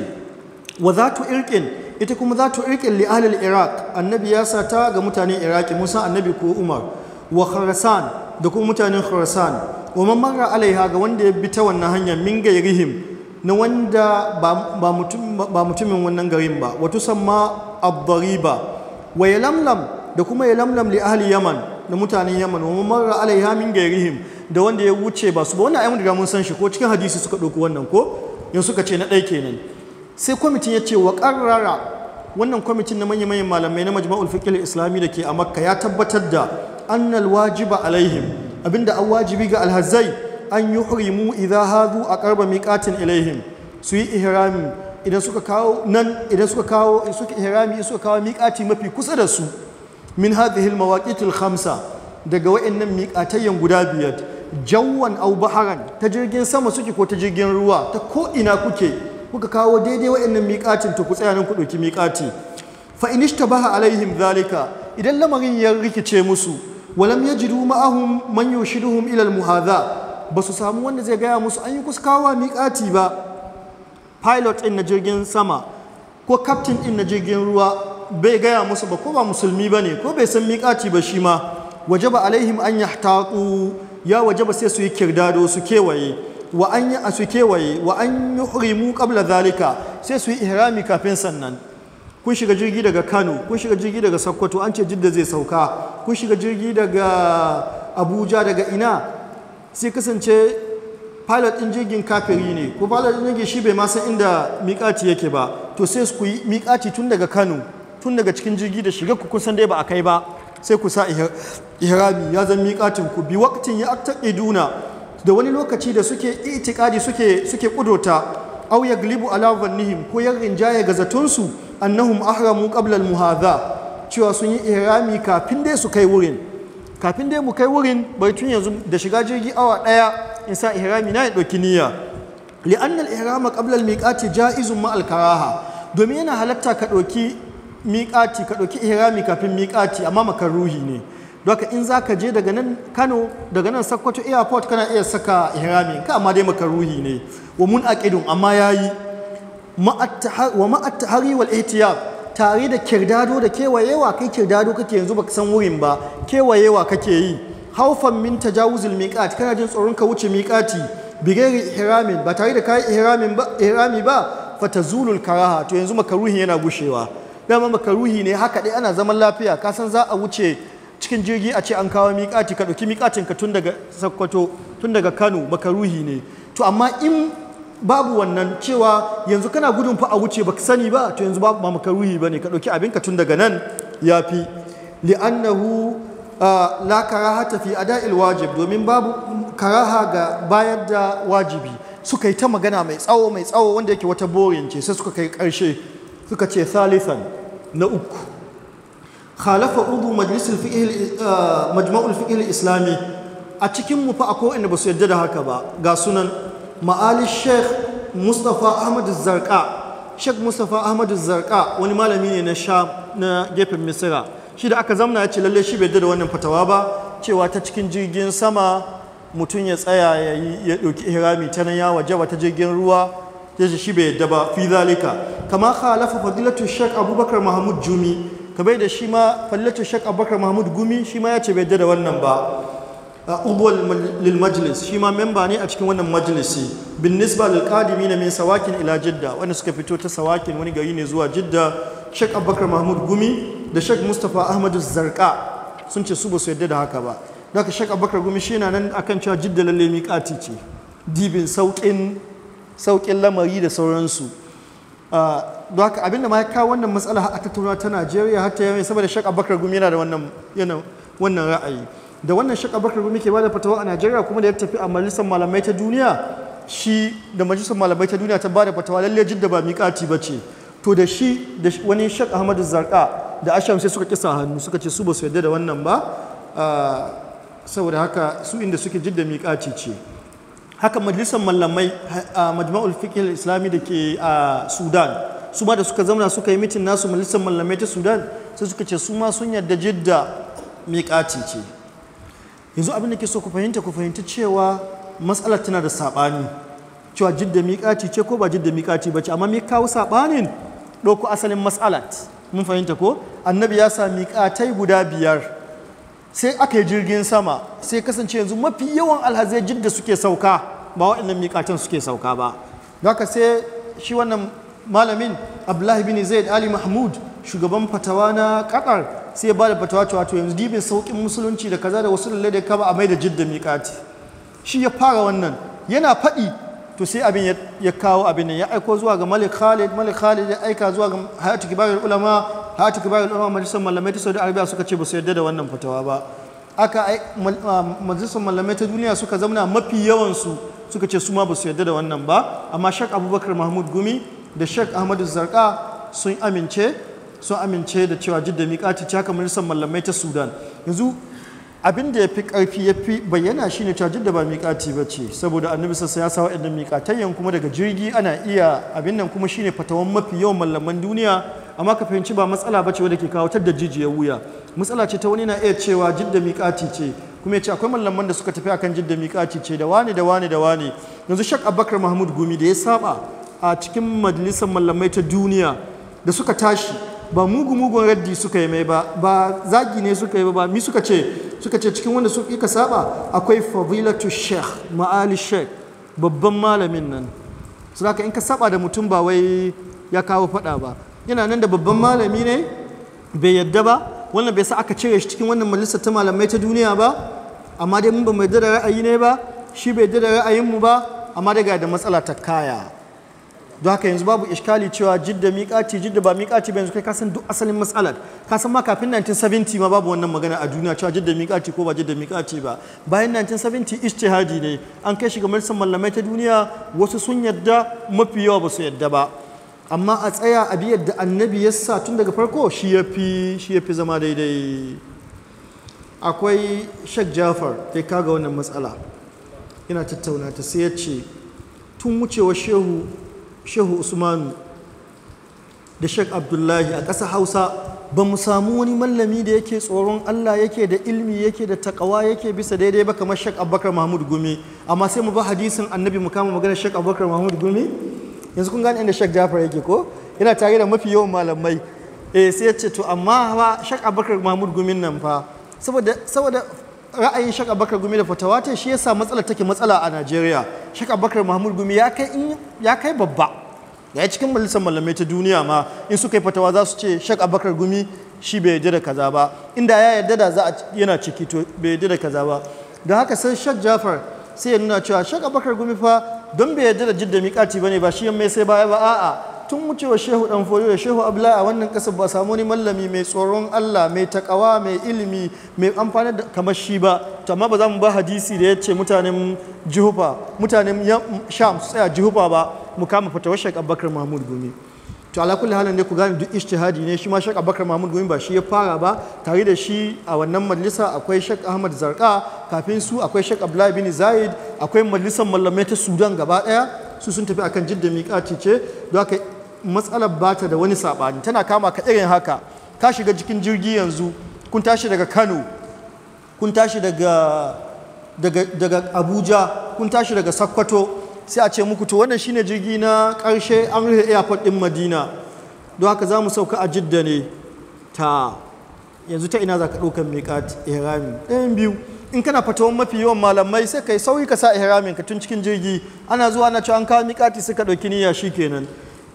wa zatu irqin ita kuma zatu irqin li ahli iraq annabi ya ta ga mutanen iraki musa annabi ko umar wa kharasan da kuma mutanen kharasan wa marra alaiha ga wanda ya bi ta wannan hanyar min gairihim na wanda ba mutumin wannan garin ba wato samma ad ba. wa yalamlam da kuma yalamlam li ahli yaman na mutanen yaman wa marra alaiha min gairihim da wanda ya wuce ba su ba wannan ayyukan da mun san shi ko cikin hadisi suka ɗauki wannan ko in suka ce na ɗaya kenan sai kwamitin ya ce wa ƙarrara wannan kwamitin na manya-manyan malamai na majma'ul fiqh islami da ke a makka ya tabbatar da annal wajiba alaihim abinda an wajibi ga alhazai an yuhrimu idan hadu aqarba miƙatin ilaihim su yi ihrami idan suka kawo nan idan suka kawo suka ihrami suka kawo miƙati mafi kusa da su min hadhihi almawaqit hamsa daga wayannan miƙatayen guda biyar jawwan aw baharan ta jirgin sama suke ko ta jirgin ruwa ta ko ina kuke kuka kawo daidai wayannan miqatin to ku tsaya nan ku dauki miqati fa inishtabaha alaihim zalika idan lamarin ya rikice musu walam yajidu ma'ahum man yushiduhum ila almuhadha ba su samu wanda zai gaya musu an yi kuskawa miƙati ba pilot ɗin na jirgin sama ko captain ɗin na jirgin ruwa bai gaya musu ba ko ba musulmi ba ne ko bai san miƙati ba shi ma waje ba alaihim an taƙu ya waje ba sai su yi kirdado su kewaye wa an yi a su kewaye wa an yi hurimu kabla zalika sai su yi ihrami kafin sannan kun shiga jirgi daga kano kun shiga jirgi daga sokoto an ce jidda zai sauka kun shiga jirgi daga abuja daga ina sai kasance pilot ɗin jirgin kafiri ne ko pilot ɗin jirgin shi bai ma san inda miƙaci yake ba to sai ku yi miƙaci tun daga kano tun daga cikin jirgi da shiga ku kun dai ba a kai ba sai ku sa ihrami ya zan miƙacin ku bi waqtin ya iduna da wani lokaci da suke itikadi suke suke kudota aw yaglibu ala dhannihim ko ya rinjaye ga zatonsu annahum ahramu qabla al muhadha cewa sun yi ihrami kafin dai su kai wurin kafin dai mu kai wurin bai tun yanzu da shiga jirgi awa ɗaya in sa ihrami na ya ɗauki niyya li'annal ihrama qabla al-miqati ja'izun ma'al karaha domin yana halatta ka ɗauki miƙati ka ɗauki ihrami kafin miƙati amma makaruhi ne doka in za ka je daga nan kano daga nan sakkoto airport kana iya saka ihrami ka amma dai makaruhi ne wa mun aqidun amma yayi wa ma'at tahari ihtiyab tare da kirdado da kewayewa kai kirdado kake yanzu baka san wurin ba kewayewa kake yi haufan min tajawuzul miqat kana jin tsoron ka wuce miqati bireri ihramin ba tare da kai ihramin ba ihrami ba fatazulul karaha to yanzu makaruhi yana gushewa dama makaruhi ne haka dai ana zaman lafiya kasan za a wuce cikin jirgi a ce an kawo miƙati ka ɗauki miƙatin ka tun daga sakkwato tun daga kano makaruhi ne to amma in babu wannan cewa yanzu kana gudun fa a wuce baka sani ba to yanzu babu ba ruhi bane ka dauki ka tun daga nan yafi li'annahu la karahata fi ada'il wajib domin babu karaha ga bayar da wajibi suka yi ta magana mai tsawo mai tsawo wanda yake wata boring ce sai suka kai karshe suka ce salisan na uku khalafa udu majlisul fiqh majma'ul fiqh islami a cikin mu fa akwai inda ba su yarda da haka ba ga sunan ma'ali sheikh mustapha ahmadu zarka sheikh mustapha ahmad zarka wani malami ne na sha na gefen misira shi da aka zamna ya ce lalle shi bai da wannan fatawa ba cewa ta cikin jirgin sama mutum ya tsaya ya ɗauki ihrami ta nan ya waje ba ta jirgin ruwa ya ce shi bai yadda ba fi zalika kama khalafa fadilatu sheikh abubakar mahmud jumi kamar da shi ma fadilatu sheikh abubakar mahmud gumi shi ma ya ce bai yadda da wannan ba a ubuwar lilmajalis shi ma memba ne a cikin wannan majalisi bin nisba lilkadimi na min sawakin ila jidda wanda suka fito ta sawakin wani gari ne zuwa jidda shek abubakar mahmud gumi da shek mustapha ahmadu zarka sun ce su ba su yadda da haka ba daga shek abubakar gumi shi na nan akan cewa jidda lalle miƙati ce dibin sauƙin lamari da sauransu don haka abinda ma ya kawo wannan matsala a tattaunawa ta najeriya har ta yamai saboda shek abubakar gumi yana da wannan ra'ayi da wannan shek abubakar gumi ke bada fatawa a najeriya kuma da ya tafi a majalisar malamai ta duniya shi da majalisar malamai ta duniya ta bada fatawa lalle jidda ba miƙati ba ce to da shi da wani shak ahmadu zarka da asham sai suka kisa hannu suka ce su ba su yarda da wannan ba saboda haka su inda suke jidda miƙati ce haka majalisar malamai a majma'ul fiqh islami da ke a sudan su ma da suka zamana suka yi mitin nasu majalisar malamai ta sudan sai suka ce su ma sun yarda jidda miƙati ce yanzu abin da ke so ku fahimta ku fahimta cewa matsalar tana da saɓani cewa jidda miƙaci ce ko ba jidda miƙaci ba ce amma mai kawo saɓanin ɗauko asalin matsalar mun fahimta ko annabi ya sa miƙatai guda biyar sai aka yi jirgin sama sai kasance yanzu mafi yawan alhazai jidda suke sauka ba waɗannan miƙatan suke sauka ba haka sai shi wannan malamin abdullahi bin zaid ali mahmud shugaban fatawa na qatar sai ba da fatawa cewa to yanzu dibin saukin musulunci da kaza da wasu lalle da kama a mai da jidda miƙati shi ya fara wannan yana faɗi to sai abin ya kawo abin nan ya aiko zuwa ga Malik Khalid Malik Khalid ya aika zuwa ga Hayatu Kibarul Ulama Hayatu Kibarul Ulama majalisar malamai ta Saudi Arabia suka ce ba su yarda da wannan fatawa ba aka majalisar malamai ta duniya suka zamana mafi yawansu suka ce su ma ba su yarda da wannan ba amma shak abubakar mahmud gumi da shak ahmadu zarka sun amince sun amince da cewa jidda ta ce haka majalisar mallamai ta sudan yanzu abin da ya fi ƙarfi ya fi bayyana shi ne cewa jidda ba miƙati ba ce saboda annabi sassa ya sa waɗannan miƙatayyan kuma daga jirgi ana iya abin nan kuma shine fatawan mafi yawan mallaman duniya amma ka fahimci ba matsala ba ce wadda ke kawo da jijiya wuya matsala ce ta wani na iya cewa jidda miƙati ce kuma ya ce akwai mallaman da suka tafi akan jidda miƙati ce da wani da wani da wani yanzu shak Abakar mahmud gumi da ya saba a cikin majalisar mallamai ta duniya da suka tashi ba mugu mugun raddi suka yi mai ba ba zagi ne suka yi ba mi suka ce suka ce cikin wanda suka saba akwai fadilatu sheikh ma'ali sheikh babban malamin nan su ka in ka saba da mutum ba wai ya kawo fada ba yana nan da babban malami ne bai yadda ba wannan bai sa aka cire shi cikin wannan majalisa ta malamai ta duniya ba amma dai mun ba mai da ra'ayi ne ba shi bai da ra'ayin mu ba amma daga da matsala ta kaya don haka yanzu babu iskali cewa jidda miƙaci jidda ba miƙaci ba yanzu kai kasan duk asalin matsalar kasan ma kafin 1970 ma babu wannan magana a duniya cewa jidda miƙaci ko ba jidda miƙaci ba bayan 1970 ijtihadi ne an kai shiga majalisar mallamai ta duniya wasu sun yadda mafi yawa ba su yadda ba amma a tsaya a biyar da annabi ya sa tun daga farko shi ya fi shi ya fi zama daidai akwai shek jafar da ya kaga wannan matsala yana tattauna ta sai ya ce tun wucewar shehu shehu Usman da shek abdullahi a ƙasa hausa ba mu samu wani mallami da yake tsoron Allah yake da ilmi yake da takawa yake bisa daidai ba kamar Sheikh Abubakar Mahmud Gumi amma sai mu ba hadisin Annabi mu kama magana Sheikh Abubakar Mahmud Gumi yanzu kun gane inda Sheikh Jafar yake ko yana tare da mafi yawan malamai eh sai ya ce to amma ba Sheikh Abubakar Mahmud Gumin nan fa saboda saboda ra'ayin shaka bakar gumi da fatawa ta shi yasa matsalar take matsala a najeriya shaka bakar mahmud gumi ya kai babba ya ya cikin majalisar malamai ta duniya ma in suka yi fatawa za su ce shaka bakar gumi shi bai yarda da kaza ba inda ya yarda da za a yana ciki to bai yarda da kaza ba da haka sai shak jafar sai ya nuna cewa shaka bakar gumi fa don bai yarda da jidda miƙati ba ne ba shi yamma mai sai baya ba a'a tun wa shehu dan foyo ya shehu abla a wannan kasar ba samu wani mallami mai tsoron Allah mai takawa mai ilimi mai amfani da kamar shi ba to amma ba za mu ba hadisi da ya ce mutanen jihufa mutanen sham su tsaya jihufa ba mu kama fatawar shek abubakar mahmud gumi to ala kulli halin ne ku gane duk ijtihadi ne shi ma shek Abakar mahmud gumi ba shi ya fara ba tare da shi a wannan majalisa akwai shek ahmad zarka kafin su akwai shek abdullahi bin zaid akwai majalisar mallamai ta sudan gaba ɗaya. su sun tafi akan jidda miƙati ce don haka matsalar bata da wani saɓani tana kama ka irin haka ka shiga cikin jirgi yanzu kun tashi daga kano kun tashi daga, daga, daga abuja kun tashi daga sakkwato sai a ce muku to wannan shine jirgi na karshe an rufe airport din madina don haka za mu sauka a jidda ne ta yanzu ta ina za ka ɗaukar miƙat ihrami ɗayan biyu in kana fatawan mafi yawan malamai sai kai sauri ka sa ihramin ka tun cikin jirgi ana zuwa na cewa an kawo miƙati suka ɗauki niyya kenan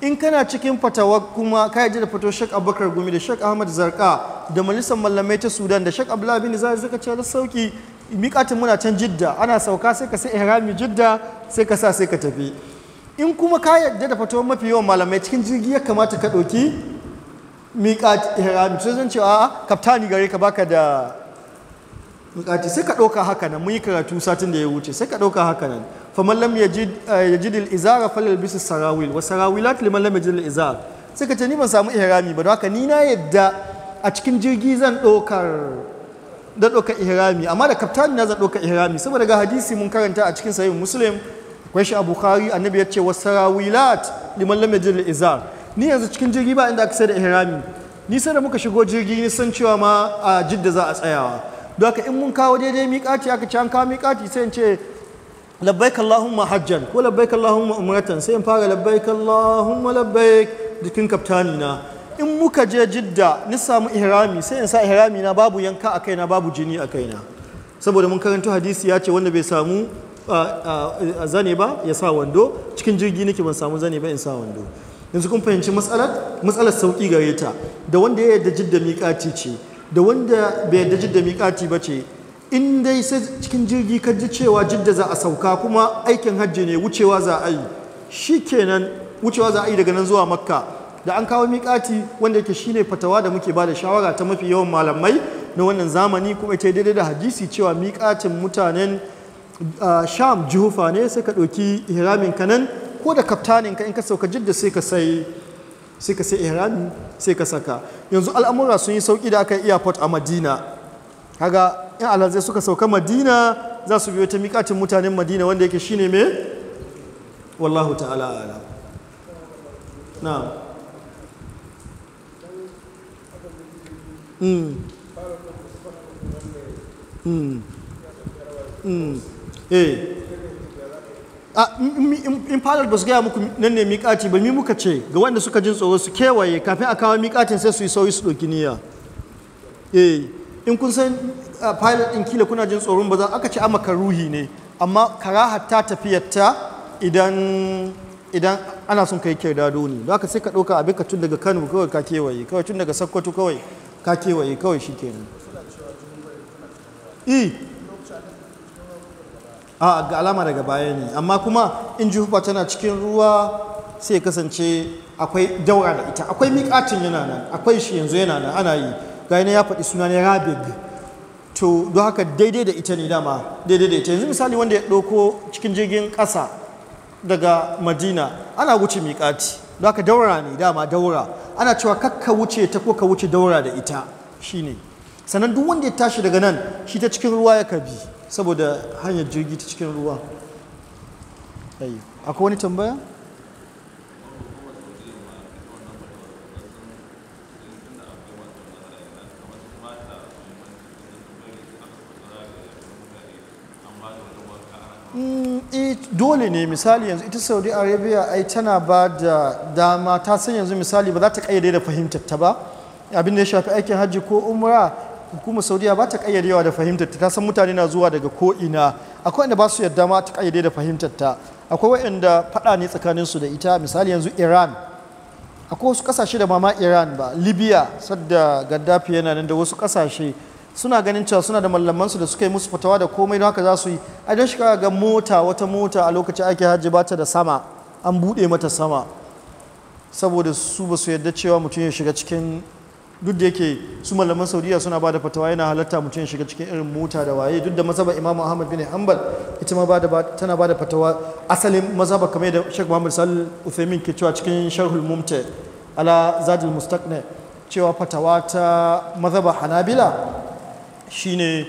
in kana cikin fatawa kuma ka yi da fatawar shek abubakar gumi da shek ahmad zarka da majalisar mallamai ta sudan da shek abdullahi bin a suka ce da sauki miƙatin muna can jidda ana sauka sai ka sai ihrami jidda sai ka sa sai ka tafi in kuma ka yadda da fatawar mafi yawan malamai cikin jirgi ya kamata ka ɗauki miƙat ihrami to zan a kaftani gare ka baka da bukati sai ka ɗauka haka nan mun yi karatu satin da ya wuce sai ka ɗauka haka nan fa mallam yajid eh, al-izara bisu sarawil wa sarawilat liman lam yajid al-izar sai ka ce ni ban samu ihrami ba don haka ni na yadda a cikin jirgi zan ɗaukar da ɗaukar ihrami amma da kaftani na zan ɗaukar ihrami saboda ga hadisi mun karanta a cikin sahih muslim akwai shi a bukhari annabi ya ce wa sarawilat liman lam yajid al-izar ni yanzu cikin jirgi ba inda aka sai da ihrami ni sai da muka shigo jirgi ni san cewa ma a jidda za a tsayawa don haka in mun kawo daidai miƙaci aka ci an kawo miƙaci sai in ce labbaik Allahumma hajjan ko labbaik Allahumma umratan sai in fara labbaik Allahumma labbaik jikin kaftani na in muka je jidda ni samu ihrami sai in sa ihrami na babu yanka a kaina babu jini a kaina saboda mun karanta hadisi ya ce wanda bai samu zane ba ya sa wando cikin jirgi nake ban samu zane ba in sa wando yanzu kun fahimci matsalar matsalar sauki gare ta da wanda ya yadda jidda miƙaci ce da wanda bai yarda jidda miƙati ba ce in dai sai cikin jirgi ka ji cewa jidda za a sauka kuma aikin hajji ne wucewa za a yi shi kenan wucewa za a yi daga nan zuwa makka da an kawo miƙati wanda yake shine fatawa da muke ba da shawara ta mafi yawan malamai na wannan zamani kuma ita daidai da hadisi cewa miƙatin mutanen sham jihufa ne sai ka ɗauki ihramin ka nan ko da kaftanin ka in ka sauka jidda sai ka sai sai ka sai irani sai ka saka yanzu al'amura sun yi sauki da aka yi airport a madina kaga yan alhazai suka sauka madina za su biyo ta mikatin mutanen madina wanda yake shine mai wallahu ta'ala ala na mm. mm. Hmm. eh in falar ba su gaya muku nan ne miƙaci ba mi muka ce ga wanda suka jin tsoro su kewaye kafin a kawo miƙacin sai su yi sauyi su ɗauki niyya eh in kun san pilot ɗin kila kuna jin tsoron ba za aka ce amaka ruhi ne amma karaha ta tafiyarta idan idan ana son kai kyar dado ne don sai ka ɗauka abin ka tun daga kano kawai ka kewaye kawai tun daga sakkwato kawai ka kewaye kawai shi kenan eh, a ga alama daga baya ne amma kuma in jufa tana cikin ruwa sai kasance akwai daura da ita akwai miƙatin yana nan akwai shi yanzu yana nan ana yi ga ya faɗi suna ne rabig to don haka daidai da ita ne dama daidai da ita yanzu misali wanda ya ɗauko cikin jirgin ƙasa daga madina ana wuce miƙati don haka daura ne dama daura ana cewa kakka wuce ta ko ka wuce daura da ita shine sannan duk wanda ya tashi daga nan shi ta cikin ruwa ya kabi saboda hanyar jirgi ta cikin ruwa akwai wani tambaya? Mm, eh, dole ne misali yanzu ita saudi arabia ai tana ba da dama ta san yanzu misali ba za ta kayyade da fahimtar ta ba abin da ya shafi aikin hajji ko umra hukumar saudiya ba ta kayyadewa da fahimtar ta san mutane na zuwa daga ko'ina ina akwai wanda ba su yarda ma ta kayyade da fahimtar ta akwai wanda faɗa ne tsakanin su da ita misali yanzu iran akwai wasu kasashe da mama iran ba libya sadda gaddafi yana nan da wasu kasashe suna ganin cewa suna da su da suka yi musu fatawa da komai don haka za su yi a don shiga ga mota wata mota a lokacin ake hajji ba ta da sama an buɗe mata sama saboda su ba su yarda cewa mutum ya shiga cikin duk da yake su malaman saudiya suna ba da fatawa yana halatta mutum ya shiga cikin irin mota da waye duk da mazhaba Imam ahmad bin hanbal ita ma tana ba da fatawa asalin mazhaba kamar da shek muhammad salih uthaymin ke cewa cikin sharhul mumta ala zadul mustaqna cewa fatawa ta mazhaba hanabila shine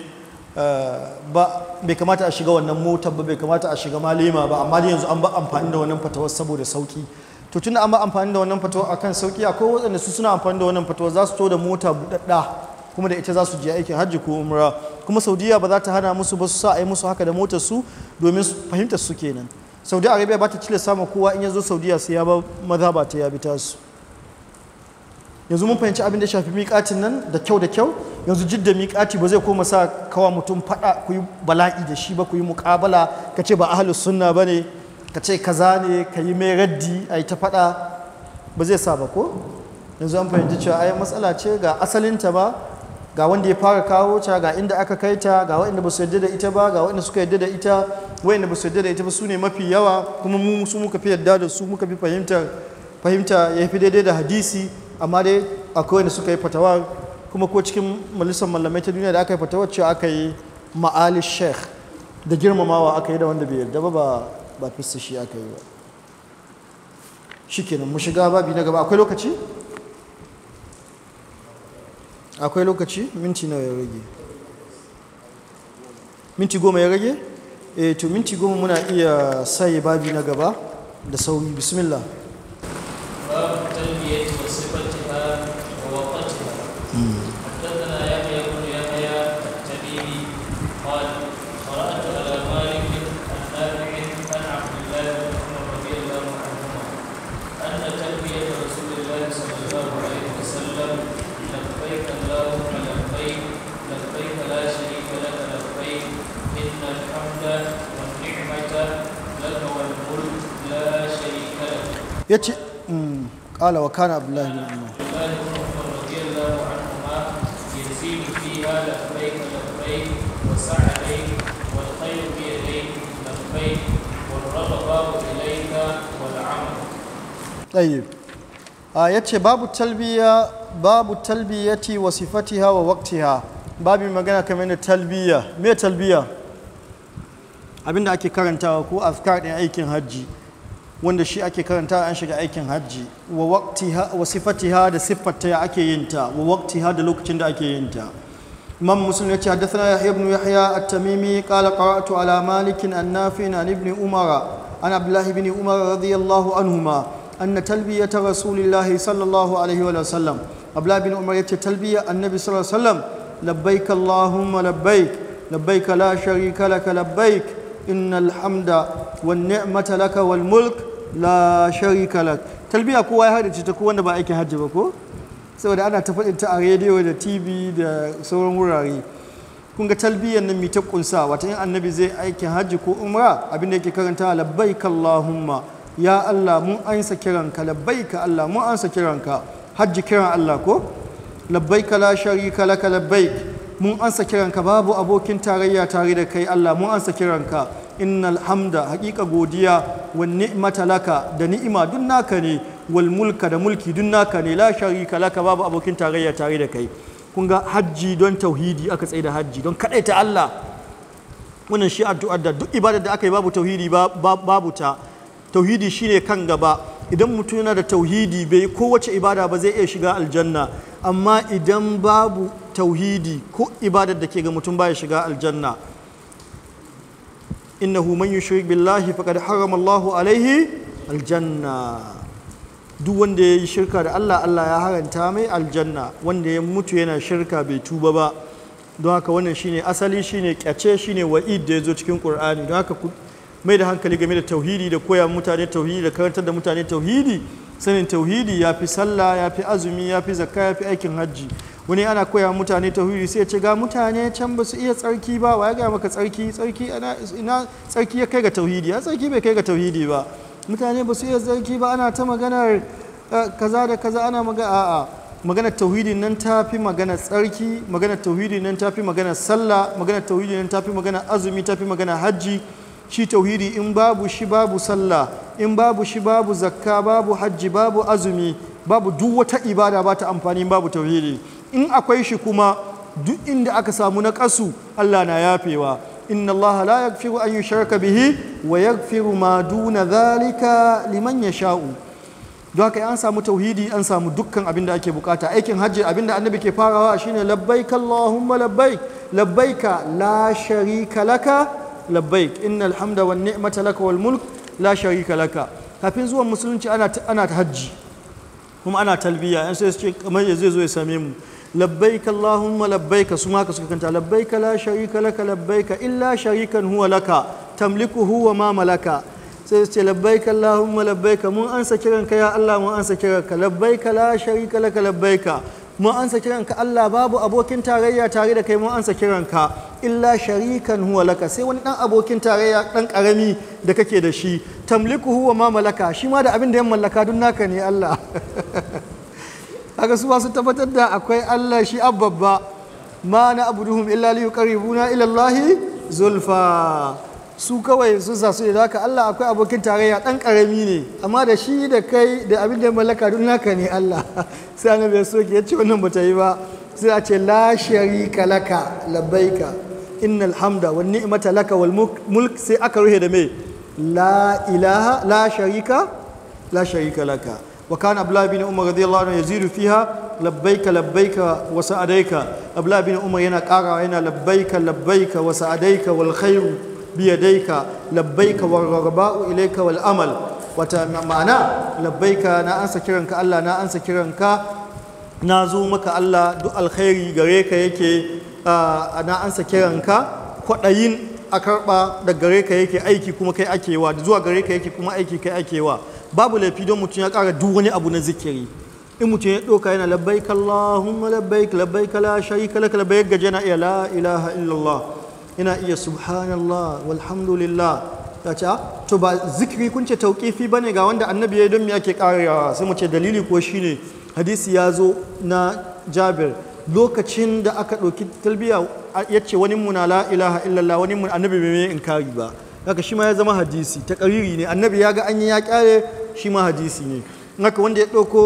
eh, ba bai kamata a shiga wannan mota ba bai kamata a shiga malima ba amma yanzu an ba amfani da wannan fatawar saboda sauki to tunda an ba amfani da wannan fatawa akan sauki akwai waɗanda su suna amfani da wannan fatawa za su to da mota buɗaɗɗa kuma da ita za su je aikin hajji ko umra kuma saudiya ba za ta hana musu ba su sa a musu haka da motar su domin fahimtar su kenan saudi arabia ba ta cile sama kowa in ya zo saudiya sai ya ba maza ba ta ya bi tasu yanzu mun fahimci abin da shafi miƙatin nan da kyau da kyau yanzu jidda miƙati ba zai koma sa kawa mutum faɗa ku yi bala'i da shi ba ku yi muƙabala ka ce ba ahalus sunna ba ne ka ce kaza ne ka yi mai raddi a yi ta faɗa ba zai sa ba ko yanzu an fahimci cewa ai matsala ce ga asalinta ba ga wanda ya fara kawo ta ga inda aka kai ta ga waɗanda ba su yarda da ita ba ga waɗanda suka yarda da ita waɗanda ba su yarda da ita ba su ne mafi yawa kuma mu su muka fi yarda da su muka fi fahimta ya fi daidai da hadisi amma dai akwai waɗanda suka yi fatawar kuma ko cikin majalisar malamai ta duniya da aka yi fatawar cewa aka yi ma'ali sheikh da girmamawa aka yi da wanda bai yarda ba ba ba fissa shi aka yi ba shikenan mu shiga babi na gaba akwai lokaci akwai lokaci minti nawa ya rage minti goma ya rage eh to minti goma muna iya sai babi na gaba da sauri bismillah ya ce hmm, ƙala wa kana abdullahi bin umar babu talbiya يتي باب التلبية باب التلبية وصفتها babu magana kamar كمان talbiya ما talbiya abinda ake karantawa ko afkar ɗin aikin hajji wanda shi ake karanta an shiga aikin hajji wa waqtiha ha da siffarta ya ake yin ta wa waqtiha da lokacin da ake yin ta imam muslim ya ce haddathana yahya ibn yahya at-tamimi qala qara'tu ala malik an nafi' an ibn umar an abdullah ibn umar radiyallahu anhuma anna talbiyata rasulillahi sallallahu alaihi wa sallam abdullah ibn umar yace talbiya annabi sallallahu alaihi wa sallam labbaik allahumma labbaik labbaik la sharika lak labbaik إن الحمد والنعمة لك والملك لا شريك لك تلبية كوا هذه تكون نبا أيك حج بكو saboda ana ta faɗin ta a rediyo da tv da sauran wurare kun ga talbiyyar nan mai ta kunsa wata in annabi zai aikin hajji ko umra abinda da yake karanta labbaik allahumma ya allah mun ansa kiranka labbaik allah mun ansa kiranka hajji kiran allah ko labbaik la sharika laka labbaik mun ansa kiranka babu abokin tarayya tare da kai Allah mun ansa kiranka innal hamda haƙiƙa godiya wa ni'mata laka da ni'ima dun naka ne wal mulka da mulki dun naka ne la sharika laka babu abokin tarayya tare da kai kun ga hajji don tauhidi aka tsaye da hajji don kaɗai ta Allah wannan shi addu'ar da duk ibadar da aka yi babu tauhidi babu ta tauhidi shine kan gaba idan mutum yana da tauhidi bai kowace ibada ba zai iya shiga aljanna amma idan babu tauhidi ko ibadar da ke ga mutum baya shiga aljanna innahu man yushrik billahi faqad harrama Allahu alaihi aljanna duk wanda ya yi shirka da Allah Allah ya haranta mai aljanna wanda ya mutu yana shirka bai tuba ba don haka wannan shine asali shine kyace shine wa'id da ya zo cikin Qur'ani don haka mai da hankali game da tauhidi da koya mutane tauhidi da karantar da mutane tauhidi sanin tauhidi ya fi sallah ya fi azumi ya fi zakka ya fi aikin hajji wani ana koya mutane tauhidi sai ce ga mutane can ba su iya tsarki ba wa ya gaya maka tsarki tsarki ya kai ga tauhidi ya tsarki bai kai ga tauhidi ba mutane ba su iya tsarki ba ana ta maganar eh, kaza da kaza ana maga a'a maganar tauhidi nan ta fi magana tsarki magana tauhidi nan ta fi magana sallah maganar tauhidi nan ta fi magana azumi ta fi magana hajji shi tauhidi in babu shi babu sallah in babu shi babu zakka babu hajji babu azumi babu duk wata ibada ba ta amfani babu tauhidi in akwai shi kuma duk inda aka samu na ƙasu Allah na yafewa inna Allah la yaghfiru an yushraka bihi wa yaghfiru ma duna zalika liman yasha'u don haka an samu tauhidi an samu dukkan abinda ake bukata aikin hajji abinda annabi ke farawa shine labbaik allahumma labbaik labbaika la sharika laka labbaik innal hamda wan ni'mata laka wal mulk la sharika laka kafin zuwan musulunci ana ana hajji kuma ana talbiya yanzu sai su ce kamar zai zo ya same mu labbaika Allahumma labbaika su ma ka suka kanta labbaika la sharika laka labbaika illa sharikan huwa laka tamliku huwa ma malaka sai ce labbaika Allahumma labbaika mun ansa kiranka ya Allah mun ansa kiranka labbaika la sharika laka labbaika mun ansa kiranka Allah babu abokin tarayya tare da kai mun ansa kiranka illa sharikan huwa laka sai wani dan abokin tarayya dan karami da kake da shi tamlikuhu wa ma malaka shi ma da abin da ya mallaka dun naka ne Allah haka su su tabbatar da akwai Allah shi abbabba ma na abuduhum illa li yuqarribuna zulfa su kawai sun sa su da haka Allah akwai abokin tarayya ɗan karami ne amma da shi da kai da abin da mallaka duk naka ne Allah (laughs) sai annabi ya soke ya ce wannan bata yi ba sai a ce la sharika laka labbaika innal hamda wan ni'mata laka wal mulk sai aka ruhe da me la ilaha la laka وكان عبد الله بن عمر رضي الله عنه يزيد فيها لبيك لبيك وسعديك عبد الله بن عمر ينا قارا ينا لبيك لبيك وسعديك والخير بيديك لبيك والرغباء إليك والأمل ومعنى لبيك أنا أنسى كرنك الله أنا أنسى كرنك نازومك الله دو الخير غريك يكي أنا أنسى كرنك kwaɗayin a karɓa da gare ka yake aiki kuma kai akewa da zuwa gare ka yake kuma aiki kai akewa babu laifi don mutum ya ƙara duk wani abu na zikiri in mutum ya ɗauka yana labbaik Allahumma labbaik kala shayi kala kala labbaik gaje yana iya la ilaha illallah yana iya subhanallah walhamdulillah ta ce to ba zikiri kun ce tauƙifi ba ne ga wanda annabi ya don me ake karewa sai mu ce dalili ko shi ne. hadisi ya zo na jabir lokacin da aka ɗauki talbiya ya ce wani muna la ilaha illallah wani mun annabi bai mai inkari ba haka shi ma ya zama hadisi ta ƙariri ne annabi ya ga an yi ya ƙyare shi ma hadisi ne haka wanda ya ɗauko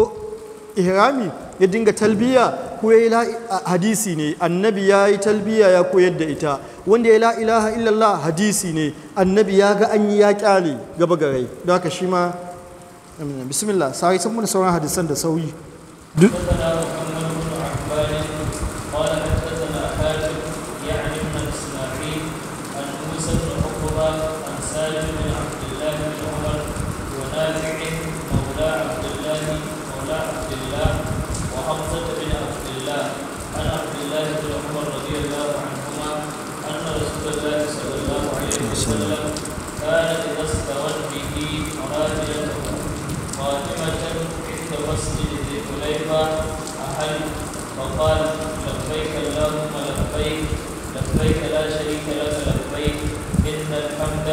ihrami ya dinga talbiya ko ya yi hadisi ne annabi ya yi talbiya ya koyar da ita wanda ya la ilaha illallah hadisi ne annabi ya ga an yi ya kyale gaba garai da haka shi ma bismillah sai san mun sauran hadisan da sauyi المسجد ذي حليفة أحل وقال لبيك اللهم لبيك لبيك لا شريك لك لبيك إن الحمد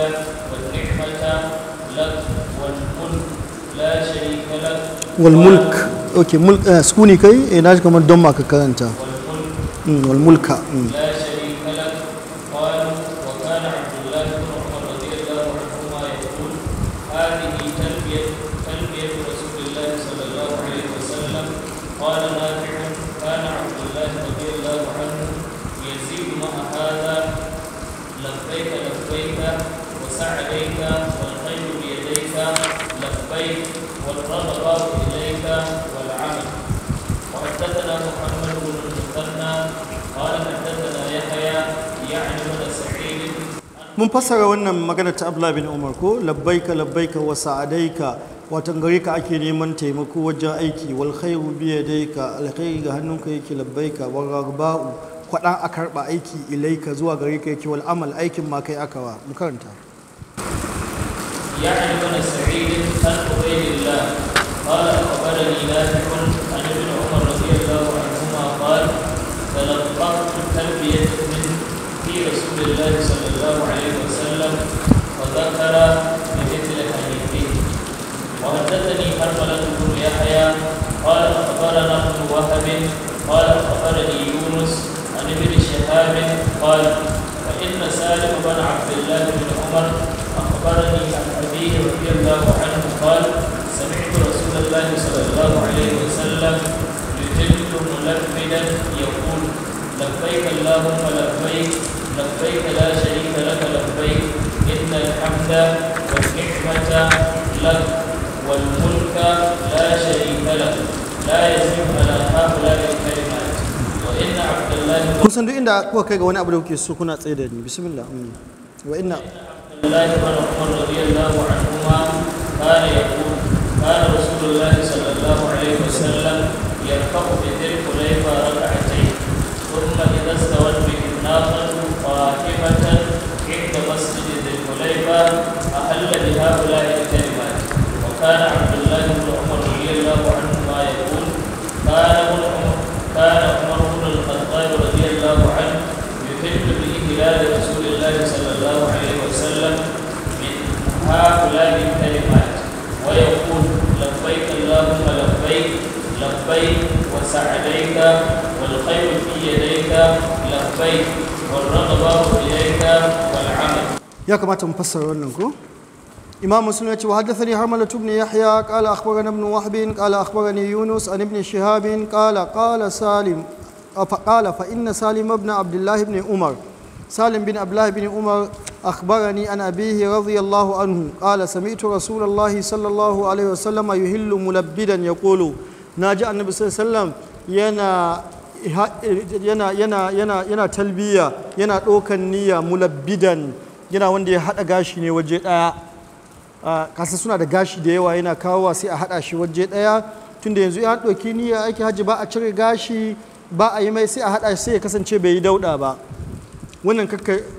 والنعمة لك والملك لا شريك لك والملك أوكي ملك سكوني كي ناجك من دمك كذا أنت والملك لا mun fassara wannan magana ta abla bin umar ko labbaika labbaika wa sa'adaika watan gare ka ake neman taimako wajen aiki wal khairu bi yadayka alkhairi ga hannunka yake labbaika wa ragba'u kwadan a karba aiki ilaika zuwa gare ka yake wal amal aikin ma kai akawa mu karanta ya ayyuhan sa'id an ubaydillah qala akhbarani nafi' an ibn umar radiyallahu anhuma qala talaqqatu tarbiyatan min fi rasulillahi عشر بمثل حديثه وحدثني حرملة بن يحيى قال أخبرنا ابن وهب قال أخبرني يونس عن ابن شهاب قال فإن سالم بن عبد الله بن عمر أخبرني عن أبيه رضي الله عنه قال سمعت رسول الله صلى الله عليه وسلم يجد ملبدا يقول لبيك اللهم لبيك لبيك لا شريك لك لبيك الحمد والنعمة لك والملك لا شريك لك لا يزيد على هؤلاء الكلمات duk inda kuka kai ga wani abu da kuke so kuna tsaye da ni bismillah mm. wa inna Abdullahi ibn Umar radiyallahu anhuma kana yaqul kana Rasulullah sallallahu alaihi wasallam bi rak'atayn thumma idha الكلمات أحل بهؤلاء الكلمات وكان عبد الله بن عمر رضي الله عنهما يقول كان ابن عمر كان عمر بن الخطاب رضي الله عنه يحل بإهلال رسول الله صلى الله عليه وسلم من هؤلاء الكلمات ويقول لبيك اللهم لبيك لبيك وسعديك والخير في يديك لبيك والرغبة إليك والعافية ya kamata mu fassara wannan ko imam muslim yace wa haddathani harmalat ibn yahya qala akhbarana ibn wahbin qala akhbarani yunus an ibn shihabin qala qala salim fa fa inna salim ibn abdullah ibn umar salim bin abdullah ibn umar akhbarani an abihi radiyallahu anhu qala sami'tu rasulullah sallallahu alaihi wasallam yuhillu mulabbidan yaqulu naji annabi sallallahu yana eh, yana yana yana yana talbiya yana dokan niyya mulabbidan yana wanda ya haɗa gashi ne waje ɗaya kasa suna da gashi da yawa yana kawowa sai a haɗa shi waje ɗaya da yanzu ya ɗauki ya aiki hajji ba a cire gashi ba a yi mai sai a haɗa shi sai ya kasance bai yi dauɗa ba wannan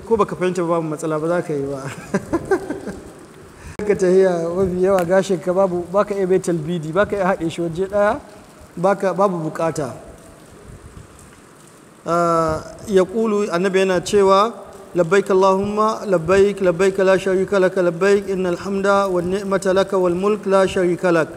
ko baka fahimta ba matsala ba za ka yi ba (laughs) ka tahiya mafi yawa gashin ka babu baka iya bai talbidi baka iya haɗe shi waje ɗaya baka babu bukata ya ƙulu annabi yana cewa لبيك اللهم لبيك لبيك لا شريك لك لبيك إن الحمد والنعمة لك والملك لا شريك لك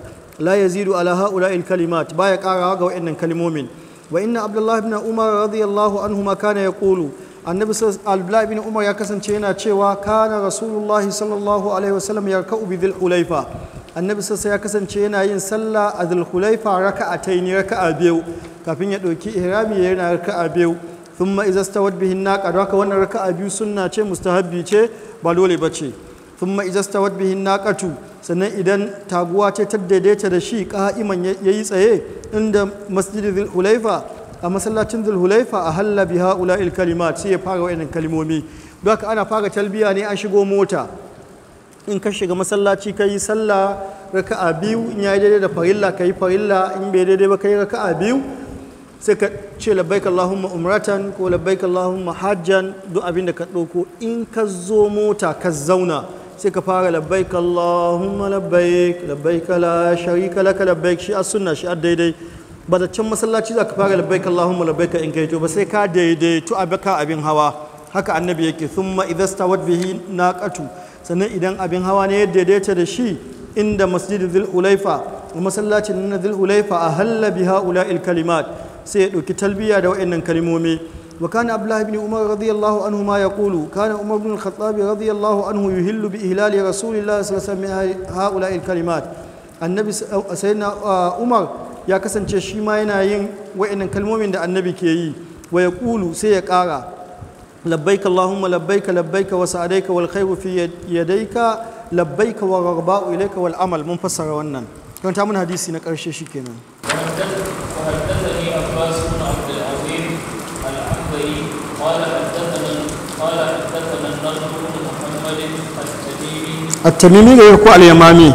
لا يزيد على هؤلاء الكلمات بايك أراغ وإن كلمومين وإن عبد الله بن عمر رضي الله عنهما كان يقول النبي صلى الله عليه وسلم عمر يكسن تشينا تشيوا كان رسول الله صلى الله عليه وسلم يركأ بذي الحليفة annabi sassa ya kasance yana yin sallah a zulhulaifa raka'a ta yi raka'a biyu kafin ya ɗauki ihrami yana raka'a biyu thumma idza stawat bihi naqa don haka wannan raka'a biyu sunna ce mustahabbi ce ba dole ba ce thumma idza stawat bihin naqatu sannan idan taguwa ce ta daidaita da shi ya yayi tsaye inda masjidul hulaifa a masallacin zulhulaifa a halla biha ula'il kalimat sai ya fara wayannan kalimomi don haka ana fara talbiya ne an shigo mota in ka shiga masallaci ka yi sallah raka'a biyu in ya yi daidai da farilla ka yi farilla in bai daidai ba ka yi raka'a biyu sai ka ce labbaik Allahumma umratan ko labbaik Allahumma hajjan duk abin da ka ɗauko in ka zo mota ka zauna sai ka fara labbaik Allahumma labbaik labbaik la sharika laka labbaik shi as sunna shi daidai ba da can masallaci za ka fara labbaik Allahumma labbaik in kai to ba sai ka daidaitu a baka abin hawa haka annabi yake thumma idza stawat bihi naqatu sannan idan abin hawa ne ya daidaita da shi inda masjidul hulaifa masallacin na a hulaifa ahalla biha ula'il kalimat sai ya ɗauki talbiya da wa'annan kalmomi wa kana abdullahi ibn umar radiyallahu anhu ma yaqulu kana umar ibn al-khattab radiyallahu anhu yuhillu bi ihlali rasulillahi sallallahu alaihi wasallam ha'ula'i al-kalimat annabi uh, sayyidina uh, umar ya kasance shi ma yana yin wa'annan kalmomin da annabi ke yi wa yaqulu sai ya ƙara labbaik allahumma labbaik labbaik wa sa'adaika wal khayru fi yadayka labbaik wa ragba'u ilayka wal amal mun fassara wannan kan ta mun hadisi na ƙarshe shikenan at-tamimi da ko al-yamami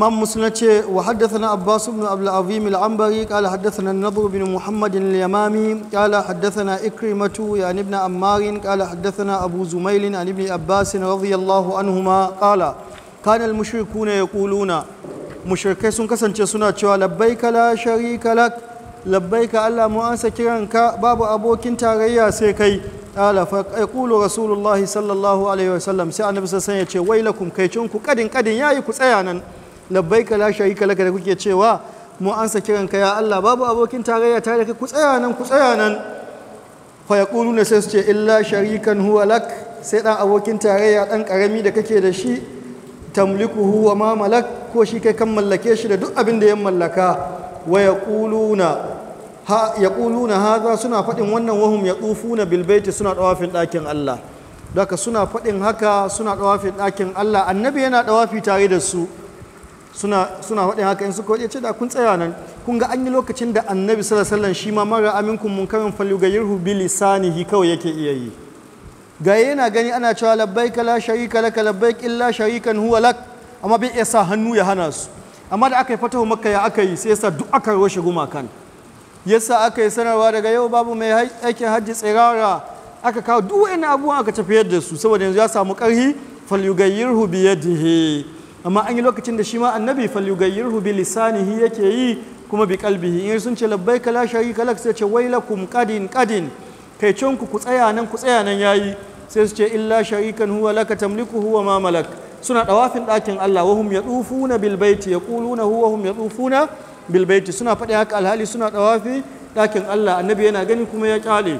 إمام مسلم وحدثنا عباس بن عبد العظيم العنبري قال حدثنا النضر بن محمد اليمامي قال حدثنا إكرمة يعني ابن عمار قال حدثنا أبو زميل عن ابن عباس رضي الله عنهما قال كان المشركون يقولون mushrikai sun kasance suna cewa labbaika la sharika lak labbaika Allah mu ansa ka babu abokin tarayya sai kai ala fa yaqulu rasulullahi sallallahu alaihi wasallam sai annabi sallallahu alaihi ce kadin kadin yayi ku tsaya nan labbai lashe yi kalaka da kuke cewa mu ansa kiran ka ya Allah babu abokin tarayya tare da kai ku tsaya nan ku tsaya nan fa yaquluna sai su ce illa sharikan huwa lak sai dan abokin tarayya dan karami da kake da shi tamliku wa ma malak ko shi kai kan mallake shi da duk abin da ya mallaka wa yaquluna ha yaquluna hadha suna fadin wannan wahum yaqufuna na bilbaiti suna dawafin dakin Allah Daka suna fadin haka suna dawafin dakin Allah annabi yana dawafi tare da su suna suna waɗin haka in suka waɗe ce da kun tsaya nan kun ga an yi lokacin da annabi sallallahu alaihi shi ma mara aminkum munkarin falyughayyirhu bi lisanihi kawai yake iya yi ga yana gani ana cewa labbaika la sharika laka labbaik illa sharikan huwa lak amma bai iya sa hannu ya hana su amma da aka yi fatahu makka ya aka yi sai sa duk aka roshe gumakan yasa aka yi sanarwa daga yau babu mai aikin hajji tsirara aka kawo duk wani abubuwan aka tafiyar da su saboda yanzu ya samu ƙarfi falyughayyirhu bi yadihi amma an yi lokacin da shi ma annabi falyughayyirhu bi lisanihi yake yi kuma bi qalbihi in sun ce labbaika la sharika lak sai ce wailakum qadin qadin kai ku tsaya nan ku tsaya nan yayi sai su ce illa sharikan huwa laka tamlikuhu wa ma malak suna dawafin ɗakin Allah wahum yadufuna bil baiti yaquluna huwa hum yadufuna bil baiti suna faɗi haka alhali suna dawafi ɗakin Allah annabi yana gani kuma ya kyale